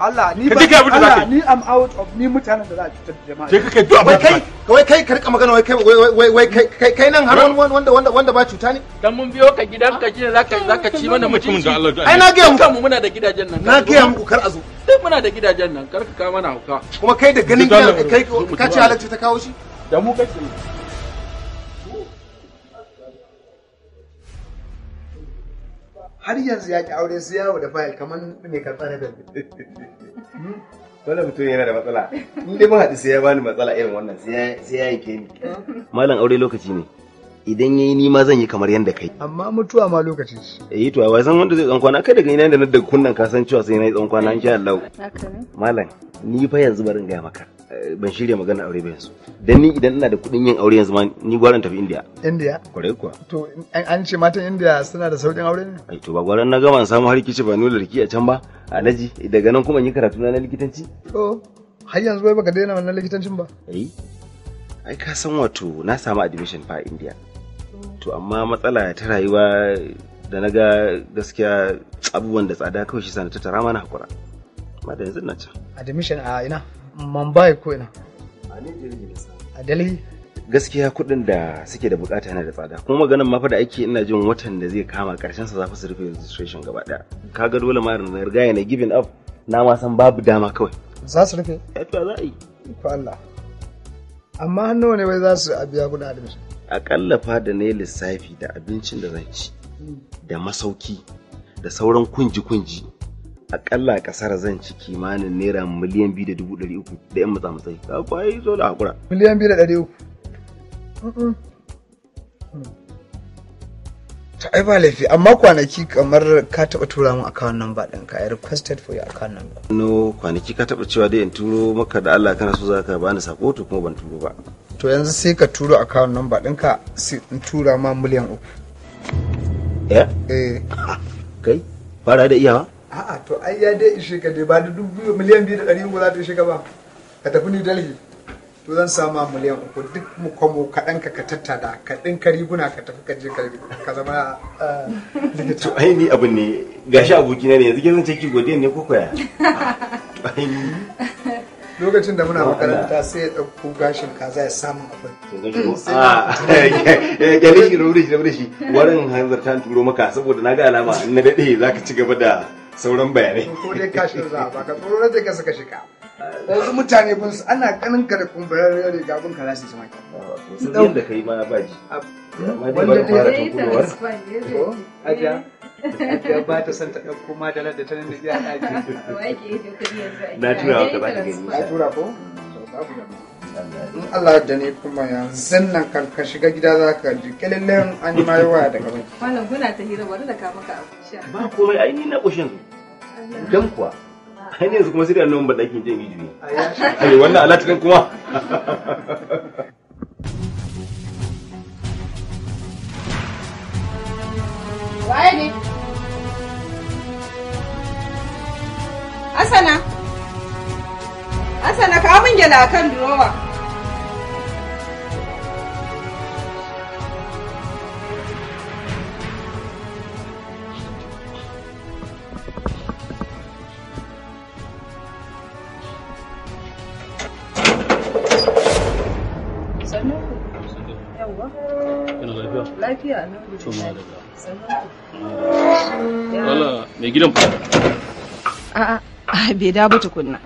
Allah ni ba Allah ni am out of ni mutanen da za a cutar da jama'a je ka kai duk abin kai kai ka rika magana wai kai wai kai kai nan har wanda wanda wanda ba cuta ne dan mun biyo ka gidan ka gina zaka zaka ci mana mutunci ai na ga mu muna da gidajen nan na ga mu kar azu duk muna da gidajen nan kar ka ka mana hauka kuma kai da ganin kai ka ci halacci ta kawo shi da mu kake har yanzu ya ki aure su yawo da fayil kamar mai karɓa na belbe wannan mutum yana da matsala in dai haɗu sai ya bani matsala irin wannan sai ya yanke ni malam aure lokaci ne idan yayi ni ma zan yi kamar yadda kai amma mutuwa ma lokaci ce eh to wai san wanda zai tsankwana kai daga ina da na daga kunnan ka san cewa sai na yi tsankwana kwana insha Allah malam ni fa yanzu barin gaya maka ban shirya magana aure ba yanzu dan ni idan ina da kuɗin yin aure yanzu ma ni gwaran tafi India India kore kuwa to an ce matan India suna da saukin aure ne ai to ba gwaran na gama samu har kici ba nuna riki a can ba alaji daga nan kuma yin yi karatu na likitanci to har yanzu bai baka daina wannan likitancin ba ai ai ka san wato na samu admission fa India to amma matsala ta rayuwa da na ga gaskiya abubuwan da tsada kawai shi sana ta tara mana hakura ma da yanzu na can admission a ina Mumbai ko ina? A Delhi. Gaskiya kuɗin da suke da bukata yana da tsada. Kuma maganan mafa da ake ina jin watan da zai kama karshen sa zafi su rufe registration gaba daya. Kaga dole ma na riga na giving up na ma san babu dama kawai. Za su rufe? Eh, ya to za a yi. Ko Allah. Amma hannu ne bai za su biya kuɗin admission. Akalla fa da ne lissafi da abincin da zan ci da masauki da sauran kunji-kunji akalla a kasar zan ci kimanin naira miliyan biyu da dubu ɗari uku da yan matsatsai ka kwayi zo da hakura miliyan biyu da ɗari uku ta ai ba laifi amma kwanaki kamar ka taɓa tura mun nan number ɗinka ya requested for your account number no kwanaki ka taɓa cewa dai in turo maka da Allah kana so zaka bani sako to kuma ban turo ba to yanzu sai ka turo account number ɗinka sai in tura ma miliyan uku eh eh kai fara da iyawa a'a to ai ya dai ishe ka dai ba da dubu miliyan biyu da ɗari uku za ta ishe ka ba ka tafi ni dalhi to zan sama miliyan uku duk mu kwamo kaɗan ka ka tattada ka ɗinka riguna ka tafi ka je ka zama likita. to ai ni abin ne gashi abokina ne yanzu ke zan ceki godiya ne ko koya to ai ni lokacin da muna makaranta sai ya ɗauko gashin kaza ya samu abin. Gyale shi rabu da shi rabu da warin hanzarta turo maka saboda na ga alama na daɗe za ka ci gaba da sauran bayanai ko dai ka shi za ba ka tsoro da ka saka shika yanzu mutane kun ana kanin ka da kumbarar riga kun ka lasi sama sun yadda kai ma baji wanda ya yi ta ko aja aja ba ta san ta ɗauko madalar da ta nan da biya ɗaki na tura ka ba ta gani na tura ko hmm. babu da in Allah da ne kuma yanzu nan kan shiga gida za ka ji kalilin an yi waya daga baki. malam kuna ta hira bari da ka abu abu ba komai a ni na kushin dan kuwa ai ne yanzu kuma sai da nan ba dakin jin yi ai wannan kuma waye ne Asana. Hassana kawo min a kan durowa. Lafiya nan. Tuma Wala mai gidan fa. A'a, bai da ba tukunna.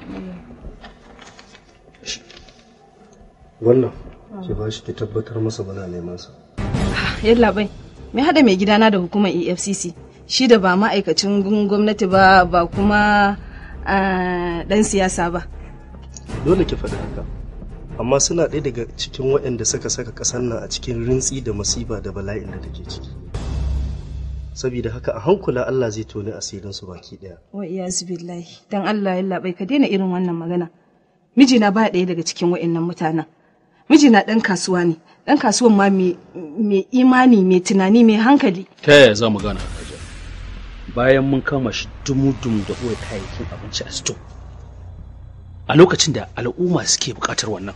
wannan ah. ki ba shi ki tabbatar masa bana neman sa ah, yalla bai me hada mai gidana da hukumar EFCC shi da ba ma'aikacin gwamnati ba ba kuma dan ah, siyasa ba dole ki faɗi haka amma suna ɗaya daga cikin waɗanda suka saka ƙasar nan a cikin rintsi da masiba da bala'in da take ciki saboda haka a hankula Allah zai toni asirin su baki ɗaya wa iyazu billahi dan Allah ya labai ka daina irin wannan magana mijina ba ɗaya daga cikin waɗannan mutanen mijina ɗan kasuwa ne ɗan kasuwan ma mai imani mai tunani mai hankali ta yaya za mu gana bayan mun kama shi dumu-dumu da kuwa kayayyakin abinci a sito a lokacin da al'umma suke bukatar wannan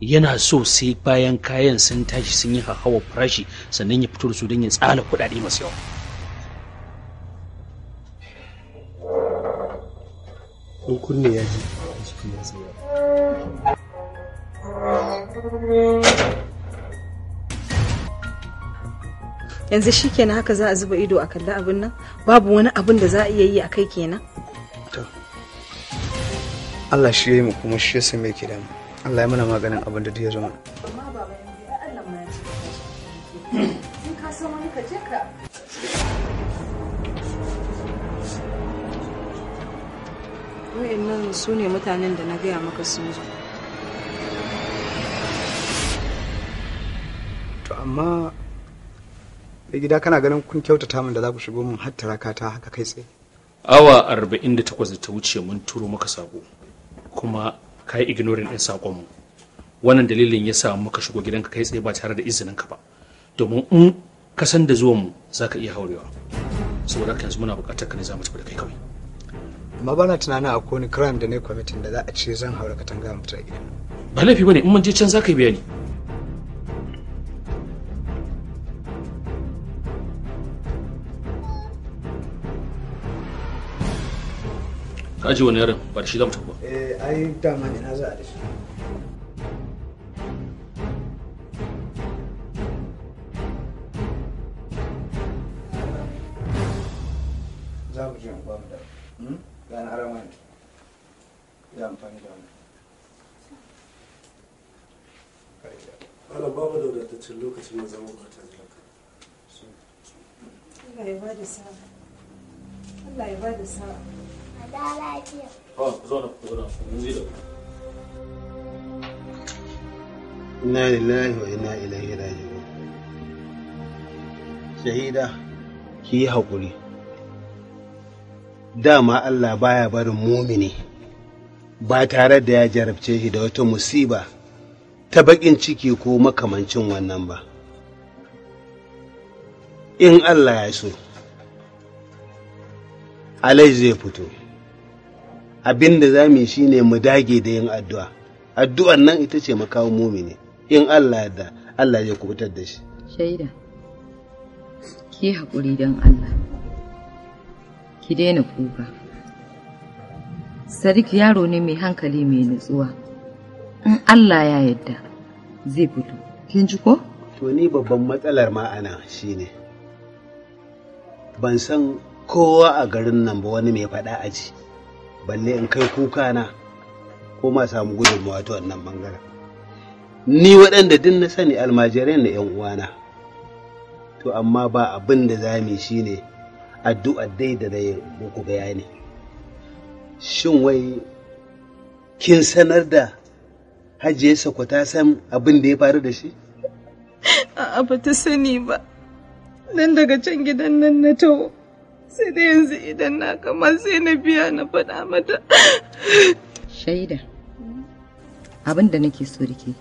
yana so sai bayan kayan sun tashi sun yi hawa farashi sannan ya fito da su don ya tsala kuɗaɗe masu yawa kunne ya ji ya yanzu shi kenan haka za a zuba ido a kalli abin nan babu wani abin da za a iya yi a kai kenan Allah shi ya yi mu kuma shi ya mai me ke damu Allah ya mana maganin abin da duk ya zo mana wa'annan su ne mutanen da na gaya maka sun zo to amma da gida kana ganin kun kyautata min da za ku shigo mun har taraka ta haka kai tsaye awa 48 ta wuce mun turo maka sako kuma ka yi ignorin din sakon mu wannan dalilin ya sa muka shigo gidanka kai tsaye ba tare da izinin ka ba domin in ka san da zuwan mu za ka iya haurewa saboda haka yanzu muna buƙatar ka ne za mu tafi da kai kawai amma bana tunanin a wani crime da ne committing da za a ce zan haura katanga mutu a gidan ba laifi bane in mun je can za ka yi bayani ka aje wani yaron ba da shi za mu ba eh ai dama ne na za a da shi hmm? ta Allah ya ba da sa'a Allah ya ba da sa'a da lafiya. Oh, zo na da. Inna lillahi wa inna ilaihi raji'un. Shahida, ki yi haƙuri. Dama Allah baya barin mumini ba tare da ya jarabce shi da wata musiba ta baƙin ciki ko makamancin wannan ba. In Allah ya so, Alai zai fito. abin da za mu yi shine mu dage da yin addu'a addu'an nan ita ce mu kawo mumini in Allah da Allah ya kubutar da shi shaida ki haƙuri don Allah ki daina kuka Sadiq yaro ne mai hankali mai nutsuwa in Allah ya yarda zai fito kin ji ko to ni babban matsalar ma'ana shine ban san kowa a garin nan ba wani mai faɗa aji. balle in kai kuka na ko ma samu gudunmawa ta wannan bangaren ni waɗanda din na sani almajirai na yan uwana to amma ba abin da za mu shi ne addu'a dai da dai muku bayani shin wai kin sanar da hajiya sako ta san abin da ya faru da shi a'a ba ta sani ba nan daga can gidan nan na taho sai da yanzu idan na kama sai na biya na faɗa mata shaida abin da nake so da ke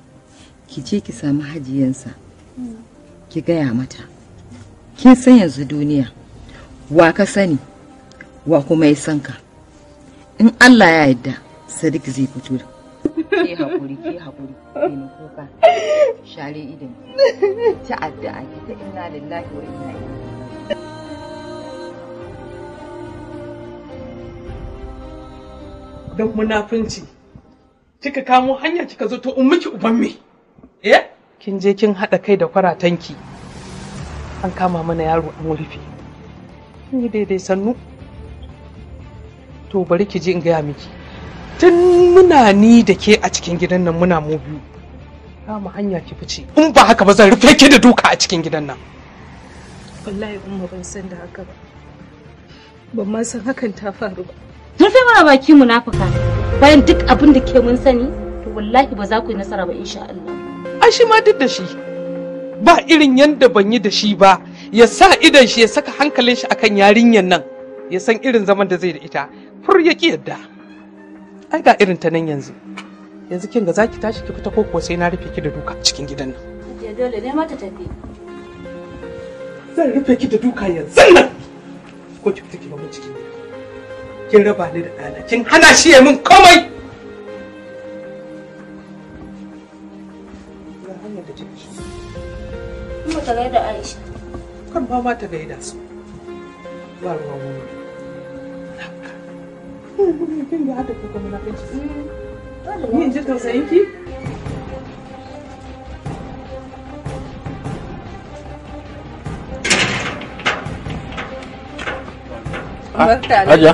ki je ki sami hajiyansa ki gaya mata kin san yanzu duniya wa ka sani wa kuma ya san ka in allah ya yadda sadiq zai fito da ke haƙuri ke haƙuri ke nufuka share idan ta addu'a ta inna lillahi wa inna ilaihi da munafunci kika kamo hanya kika zo to in miki uban me eh kin je kin haɗa kai da kwaratanki an kama mana yaro an rufe kin yi daidai sannu to bari ki ji in gaya miki tun muna ni da ke a cikin gidan nan muna mu biyu kama hanya ki fice in ba haka ba zan rufe ki da duka a cikin gidan nan wallahi umma ban san da haka ba ban ma san hakan ta faru ba me sai mara baki munafuka bayan duk abin da ke mun sani to wallahi ba za ku yi nasara ba insha Allah ai shi ma duk da shi ba irin yanda ban yi da shi ba ya sa idan shi ya saka hankalin shi akan yarinyar nan ya san irin zaman da zai da ita fur ya ki yadda ai ga irin ta nan yanzu yanzu kin ga zaki tashi ki fita ko kuwa sai na rufe ki da duka cikin gidan nan ya dole ne mata tafi zan rufe ki da duka yanzu nan ko ki fita ki ba mu cikin kin raba ni da ɗana kin hana shi ya min komai kan ba ma ta gaida su ba ruwa mu kin ga hmm. ni ji tausayin ki Lafiya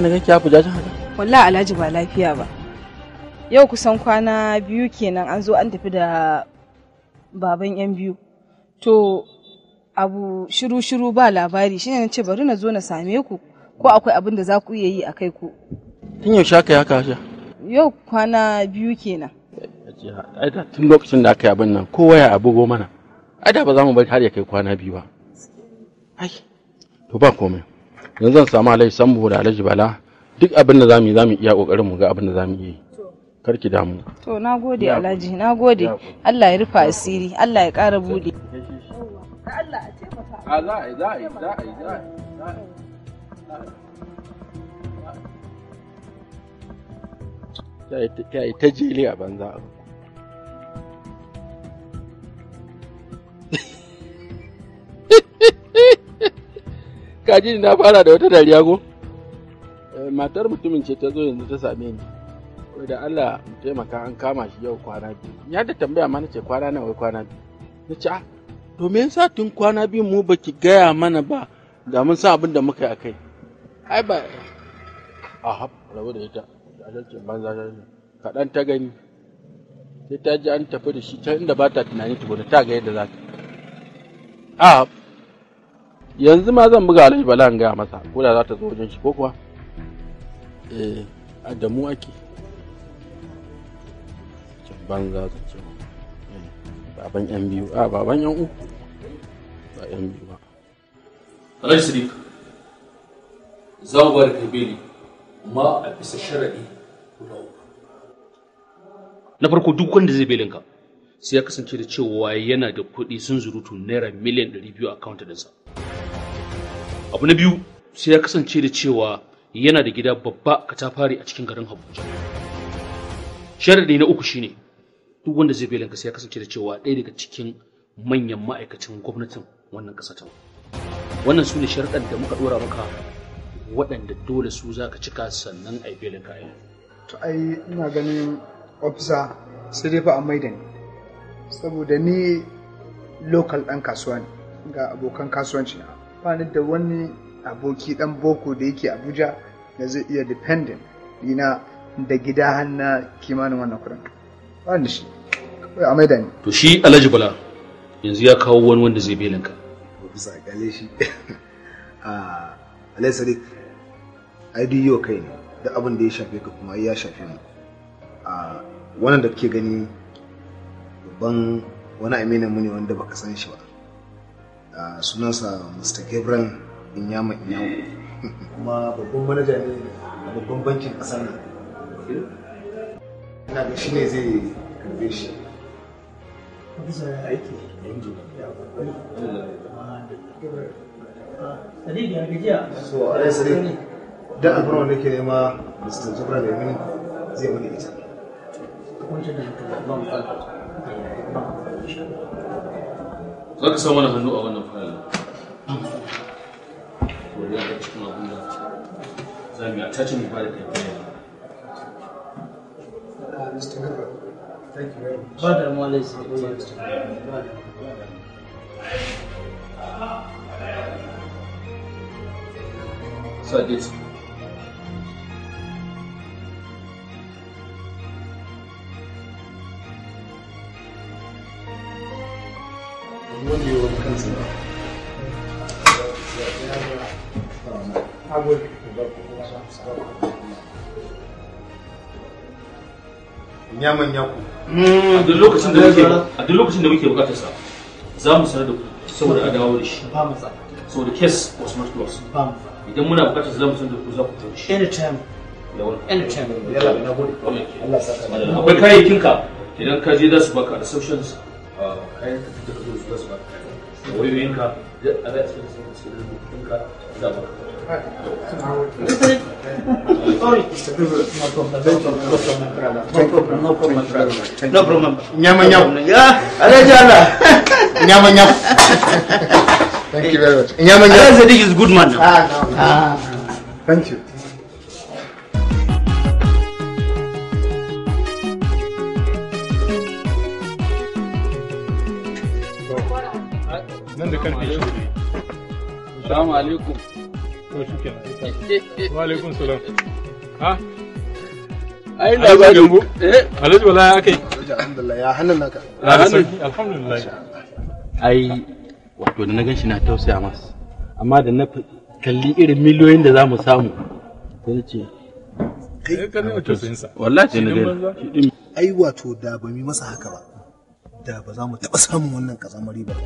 na ganki ya fuja jin haka? Wallahi Alhaji ba lafiya ba. Yau kusan kwana biyu kenan an zo an tafi da baban yan biyu. To abu shiru-shiru ba labari shine na ce bari na zo na same ku ko akwai abin da za ku iya yi a kai ku. Tun yaushe aka yi haka Yau kwana biyu kenan. Ai tun lokacin da aka yi abin nan kowa ya abugo mana. ai da ba za mu bari har ya kai kwana biyu ba ai to ba komai yanzu zan samu alhaji sambo da alaji bala duk abin da zamu yi zamu iya kokarin mu ga abin da zamu yi karki damu to nagode alhaji nagode Allah ya rufa asiri Allah ya ƙara bude Allah a taimaka a za a za a za a za a ta yi ta jele a banza abu kaji na fara da wata dariya ko eh, matar mutumin ce ta zo yanzu ta same ni wai da Allah mu taimaka an kama shi yau kwana biyu ya da tambaya ma ce kwana na wai kwana biyu ce ah to me yasa tun kwana biyu mu baki gaya mana ba da mun san abin da muka yi akai ai ba a hab rabu da ita da alƙin banza ta ne kaɗan ta gani sai ta ji an tafi da shi ta inda ba ta tunani tukuna ta ga yadda za ta a yanzu ma zan buga alhaji bala gaya masa ko da za ta zo wajen shi ko kuwa eh a da mu ake banza ta ce baban yan biyu a baban yan uku ba yan biyu ba alhaji sadiq zan bar kabili ma a bisa sharaɗi uku na farko duk wanda zai belinka sai ya kasance da cewa yana da kuɗi sun zurutu naira miliyan 200 a kawunta sa. abu na biyu sai ya kasance da cewa yana da gida babba katafare a cikin garin abuja sharadi na uku shine duk wanda zai belanka sai ya kasance da cewa ɗaya daga cikin manyan ma'aikacin gwamnatin wannan ƙasa ta wannan su ne sharaɗan da muka ɗora maka waɗanda dole su za ka cika sannan a yi belanka a to ai ina ganin ofisa sai dai fa a maida saboda ni lokal ɗan kasuwa ne ga abokan kasuwanci na bani da wani aboki dan boko da yake abuja da zai iya dependent dina da gida hanna kimanin wannan kudin ba ni shi a maida ne. to shi alhaji bala yanzu ya kawo wani wanda zai belin ka bisa gale shi a ah, alai sadiq ai duk yau kai ne da abin da ya shafe ka kuma ya shafe mu a ah, wannan da kake gani babban wani aminin mu ne wanda baka san shi ba Ah, sunansa mr gabriel inyama inyama kuma babban manaja ne a babban bankin kasar nan ina ga shi ne zai karbe shi bisa aiki ah, Sadiq ya gajiya. So, a rai Sadiq, da abin wanda ke nema Mr. Jibran ya mini zai mini ita. Wancan da hankali ba mu ba. za ka sa mana hannu a wannan fayil to ne cikin abin da za mu yi a tacin mu ba da tafiya Mr. Cooper, thank wanda Nyaman yaku. A duk lokacin da muke a duk lokacin da muke bukatar sa za mu sanar da ku saboda a dawo da shi. Ba mu Saboda case was not close. Ba mu Idan muna bukatar za mu sanar da ku za ku tafi shi. Yalla na gode. Allah saka. Akwai kayayyakin ka idan ka je za su baka receptions ah, kayan ka fita Thank you very much. Ah, ah. Thank you. nan da karfe shi ne salamu alaikum to shi kenan wa alaikum salam ha ai labarin mu eh alhaji wala ya kai alhamdulillah ya hannun naka ya hannun alhamdulillah ai wato da na ganshi na tausaya masa amma da na kalli irin miliyoyin da za mu samu sai na ce wallahi na dai. ai wato da ba mi masa haka ba da ba za mu taɓa samun wannan kazamari ba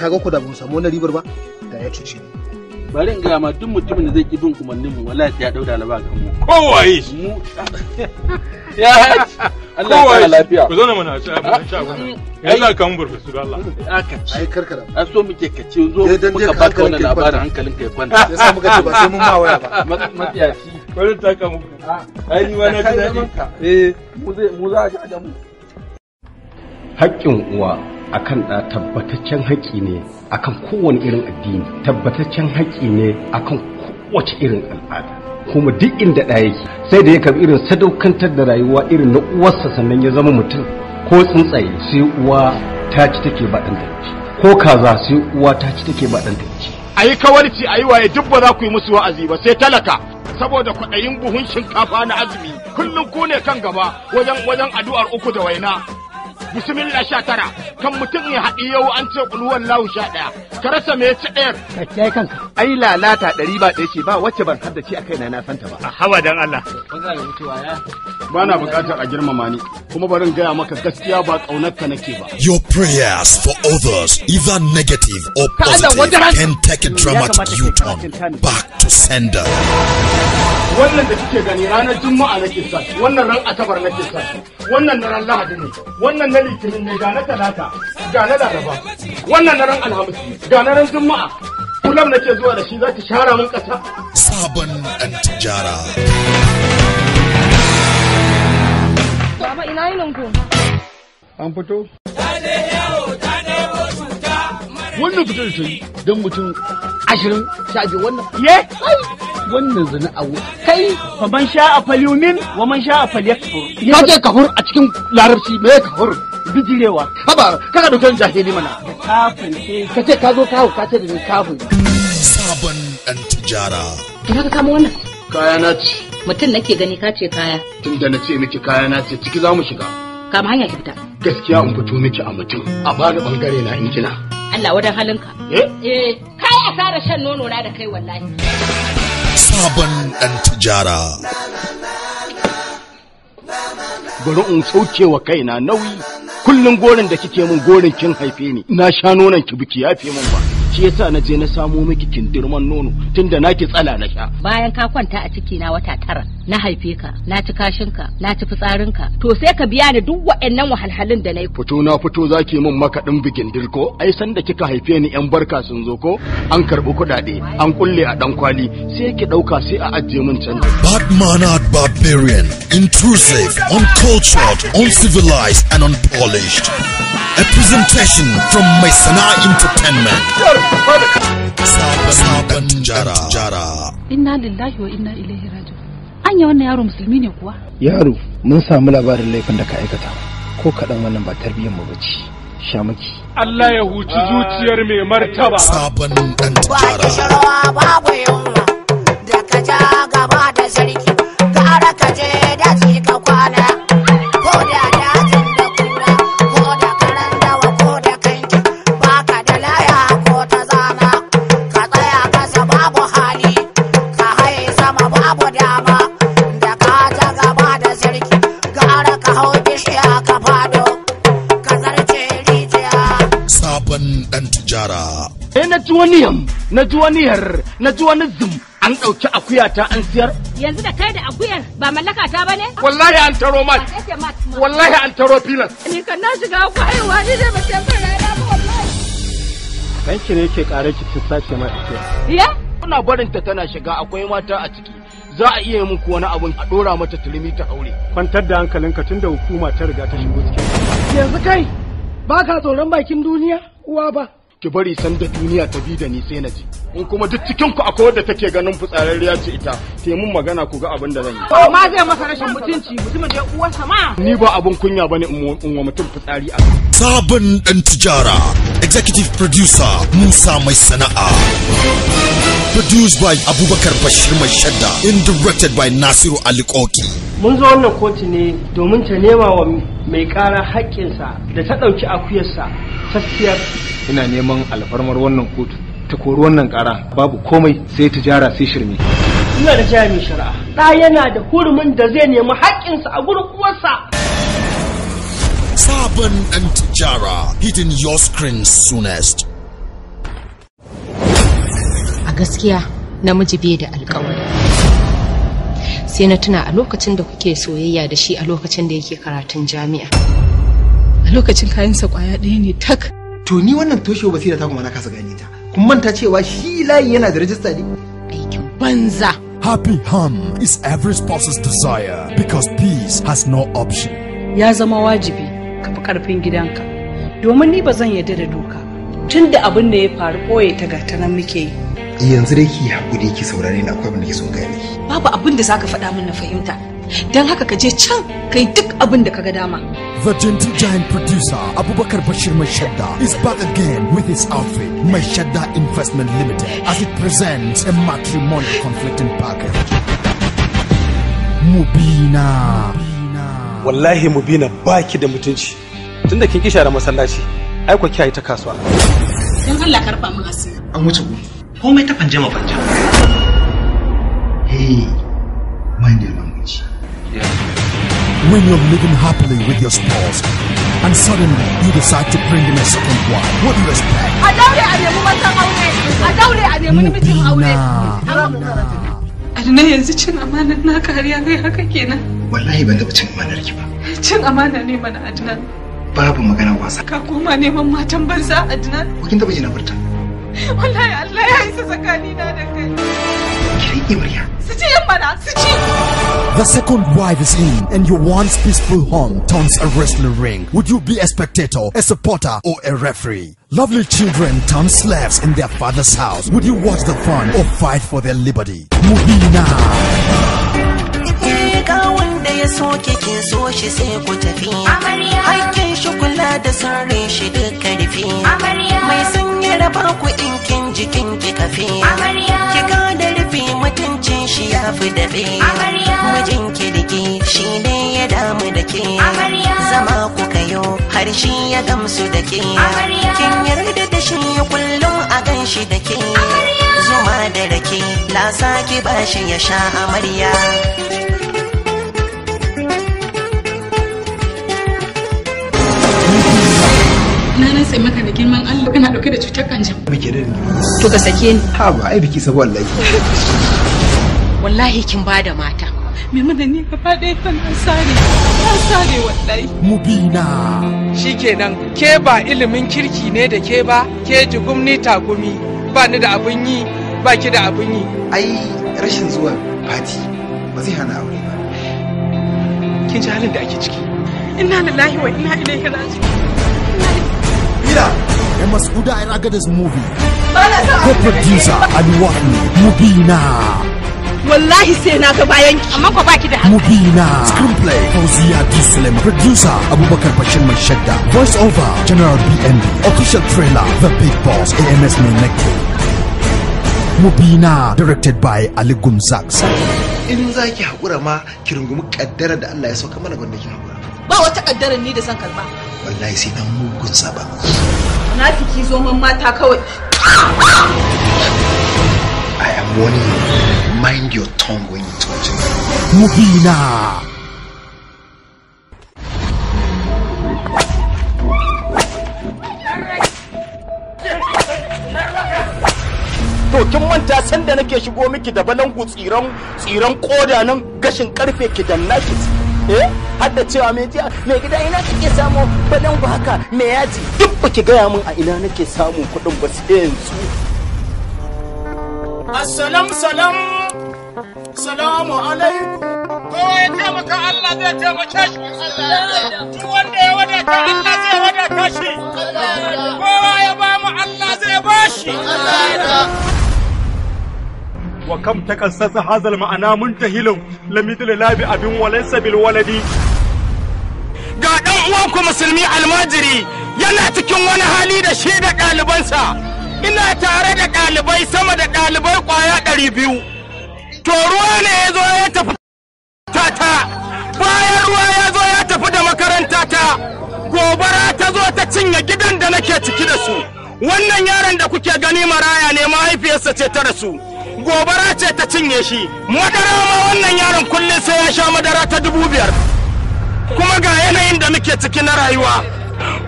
kaga ku da mun samu wannan ribar ba da ya cuce bari in gaya ma duk mutumin da zai ki bin umarnin mu wallahi ya dauda alaba kan mu kowaye mu ya Allah ya lafiya ku zauna muna ci abin sha gona mm. yanzu ka mun burfesu da Allah aka ai karkara a so muke ka ce zo muka baka wannan labarin hankalin ka ya kwanta sai muka ce ba sai mun ba waya ba shi bari ta ka muku ah. ai ni wani da eh mu zai mu za a ji mu haƙƙin uwa akan ɗa ah, tabbataccen haƙƙi ne akan kowane irin addini tabbataccen haƙƙi ne akan kowace irin al'ada kuma duk inda ɗa yake sai da ya kabi irin sadaukantar da rayuwa irin na uwarsa sannan ya zama mutum ko tsuntsaye sai uwa ta ci take ba ɗan ko kaza sai uwa ta ci take ba ɗan a yi kawarci a yi waye duk ba za ku yi musu wa'azi ba sai talaka saboda kwaɗayin buhun shinkafa na azumi kullum ku ne kan gaba wajen wajen addu'ar uku da waina bismillah sha tara kan mutum ya haɗi yau an ce kulwan lahu sha ɗaya ka rasa me ci ɗayar ka kiyaye kanka ai lalata ɗari ba ɗaya ce ba wacce ban haddace a kaina na santa ba a hawa dan Allah ba na buƙatar a girmama ni kuma barin gaya maka gaskiya ba ƙaunar ka nake ba your prayers for others either negative or positive can take a dramatic U-turn back to sender wannan da kike gani ranar juma'a nake kisa wannan ran asabar nake kisa wannan na ran lahadi ne wannan na litinin ne ga na talata ga na laraba wannan na ran alhamis ga na ran juma'a kullum nake zuwa da shi za ki share mun kasa sabon dan tijara Baba ina yin ku an fito wannan fito da ta yi don mutum ashirin sha biyu wannan ye wannan zina abu kai fa man a falyumin wa man sha'a falyakfur kaje kafur a cikin larabci me kafur bijirewa haba kaga dauke jahili mana kafin ka ce ka zo kawo ka ce da kafin sabon dan tijara ina ka kama wannan kaya na ce mutum nake gani ka ce kaya tun da na ce miki kaya na ce ciki za mu shiga kama hanya ki fita gaskiya in fito miki a mutum a bani bangare na in kina Allah wadan halinka eh eh kai asara shan nono na da kai wallahi sabon ɗan tijara. Bari in sauke wa kaina nauyi, kullum gorin da kike min gorin kin haife ni, na sha nonon ki biki yafe min ba. shi yasa na je na samo miki kindirman nono tunda naki tsala na sha bayan ka kwanta a ciki na wata tara na haife ka na ci kashinka na ci ka to sai ka biya ni duk waɗannan wahalhalun da na yi fito na fito zaki min makaɗin bikin dirko ai san da kika haife ni yan barka sun zo ko an karɓi kuɗaɗe an kulle a ɗan kwali sai ki ɗauka sai a ajiye min canji at Barbarian intrusive uncultured uncivilized and unpolished a presentation from Maisana Entertainment sabon jara jara inna lillahi wa inna ilaihi raji'un anya wannan yaro musulmi ne kuwa yaro mun samu labarin laifin da ka aikata ko kaɗan wannan ba tarbiyyar mu bace shamaki Allah ya huci zuciyar mai martaba sabon dan jara babu yunwa da ka ja gaba da sarki gara ka je da ka kwana jara eh na ji wani yam na ji wani yar na ji wani zum an ɗauki akuya ta an siyar yanzu da kai da akuyar ba mallaka ta bane wallahi an taro mat wallahi an taro filas ni kan na shiga ku haihuwa ni dai ba sai fara ba wallahi ki ne yake ƙara ki sace mai akuya ya kuna barin ta tana shiga akwai mata a ciki za a iya muku wani abu a dora mata turmi ta aure. Kwantar da hankalinka tunda hukuma ta riga ta shigo cikin. Yanzu kai ba ka tsoron bakin duniya uwa ba. ki bari san da duniya ta bi da ni sai na ji in kuma duk cikin ku akwai wadda take ganin fitsararriya ce ita ke mun magana ku ga abin da zan yi amma zai masa rashin mutunci mutumin da uwa ma ni ba abun kunya bane in wa mutum fitsari a sabon dan tijara executive producer Musa mai sana'a produced by Abubakar Bashir mai shadda and directed by Nasiru Ali Koki mun zo wannan kotu ne domin ta nema wa mai kara haƙƙinsa da ta ɗauki akuyarsa ta ina neman alfarmar wannan kotu ta kori wannan kara babu komai sai tijara sai shirme ina da jami shari'a da yana da hurumin da zai nemi haƙƙinsa a gurin uwarsa sabon dan tijara hidden your screen soonest a gaskiya namiji bai da alƙawari sai na tuna a lokacin da kuke soyayya da shi a lokacin da yake karatun jami'a a lokacin kayansa kwaya ɗaya ne tak to ni wannan toshewa basira ta kuma na kasa gane ta kun manta cewa shi layi yana da rajista ne aikin banza happy hum is every spouse's desire because peace has no option ya zama wajibi ka fi karfin gidanka domin ni ba zan yadda da doka tun da abin da ya faru koye ta nan muke yi eh, yanzu dai ki hakuri ki saurare na akwai abin da ke son gani babu abin da zaka faɗa min na fahimta dan haka ka je can kai duk abin da ka ga dama The gentle giant producer Abubakar Bashir Mashadda is back again with his outfit Mashadda Investment Limited as it presents a matrimonial conflicting package. Mubina. Wallahi Mubina baki da mutunci tunda kin kisha da masallaci ai ku kiyaye ta kasuwa. Dan Allah karfa mun asiri. An wuce ku. Komai ta fanje ma fanje. Hey, mind mun ci. Yeah. when you're living happily with your spouse and suddenly you decide to bring in a second wife, what do you expect? A daure a nemi matan aure, a a yanzu cin kariya haka ban Cin Babu magana wasa. Ka koma neman matan banza Adina. Kin taɓa jina furta. Wallahi Allah ya isa tsakanina da kai. The second wife is in, and your once peaceful home turns a wrestling ring. Would you be a spectator, a supporter, or a referee? Lovely children turn slaves in their father's house. Would you watch the fun or fight for their liberty? Muhina! Amarya. fi daɗe mijin kirki shi ne ya damu da ke zama ku kayo har shi ya gamsu da ke kin yarda da shi kullum a gan shi da ke zuma da rake lasa ba shi ya sha amarya na sai maka da girman Allah kana dauke da cutar kanjamau. Muke da ni. To ka sake ni. Ha ba ai biki sabo Allah. wallahi kin bada mata maimuna ka gaba ɗaya na sare ta sare wallahi mubina shikenan ke ba ilimin kirki ne da ke ba ke ji jigumni takumi ba ni da abun yi ba ki da abun yi ai rashin zuwa fati ba zai hana aure ba kin ji halin da ake ciki inna lillahi wa inna ilaihi raji'un Mira, you masu guda that in this movie. Co-producer and Mubina. wallahi sai na ga bayan ki amma ko baki da mubina screenplay fauziya dislam producer abubakar bashir mai shadda voice over general bnb official trailer the big boss ams mai nake mubina directed by ali gumzak in za ki haƙura ma ki rungumi ƙaddara da allah ya sauka mana gwanda ki haƙura ba wata ƙaddara ni da san karba wallahi sai na mugun saba na fiki zo mata kawai I am warning you. mind your tongue when you touch it. Mubina. To kin manta sanda nake shigo miki da balangu tsiran tsiran koda nan gashin karfe ki da naki. Eh? Har da cewa me jiya me gida ina kike samu balangu haka me yaji duk baki gaya min a ina nake samu kuɗin ba sai yanzu. Assalam salam. Salamu alaikum. Kowa ya taimaka Allah zai taimake shi. Duk wanda ya wadata Allah zai wadata shi. Kowa ya ba mu Allah zai ba shi. Wa kam takassasa hazal ma'ana mun tahilun lamidul labi abin walaysa bil waladi. Ga dan uwanku musulmi almajiri yana cikin wani hali da shi da ɗalibansa. Ina tare da ɗalibai sama da ɗalibai ƙwaya ɗari biyu. to ruwa ne ya zo ya tafi ta bayan ruwa ya zo ya tafi da makaranta ta gobara ta zo ta cinye gidan da nake ciki da su wannan yaron da kuke gani maraya ne mahaifiyarsa ce ta rasu gobara ce ta cinye shi madara ma wannan yaron kullum sai ya sha madara ta dubu biyar kuma ga yanayin da muke ciki na rayuwa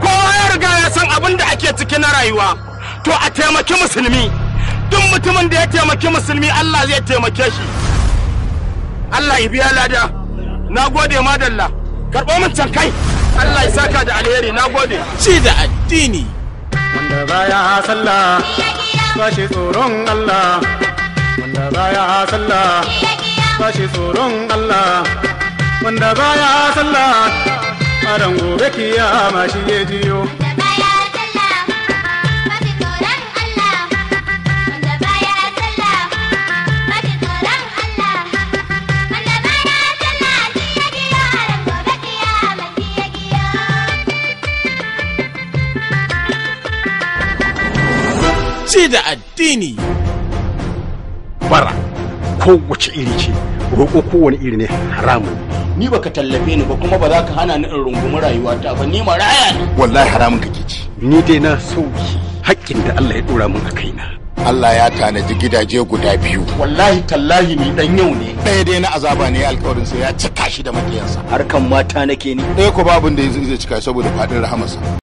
kowa ya riga ya san abin da ake ciki na rayuwa to a taimaki musulmi duk mutumin da ya taimaki musulmi Allah zai taimake shi Allah ya biya lada na gode madalla karɓo min can kai Allah ya saka da alheri na gode ci da addini wanda baya sallah ba shi tsoron Allah wanda baya sallah ba shi tsoron Allah wanda baya sallah a gobe kiyama shi ya jiyo daidai da addini bara kowace iri ce roƙo kowane iri ne haramun ni baka tallafe ni ba kuma ba za ka hana ni in rungumi rayuwata ba ni maraya ne wallahi haramun kake ci ni dai na sauki haƙƙin da Allah ya dora min a kaina Allah ya tanadi gidaje guda biyu. Wallahi tallahi ni dan yau ne. Ɗaya dai na azaba ne alkawarin sai ya cika shi da makiyansa. Harkan mata nake ni. Ɗaya ko babin da zai cika saboda faɗin rahamarsa.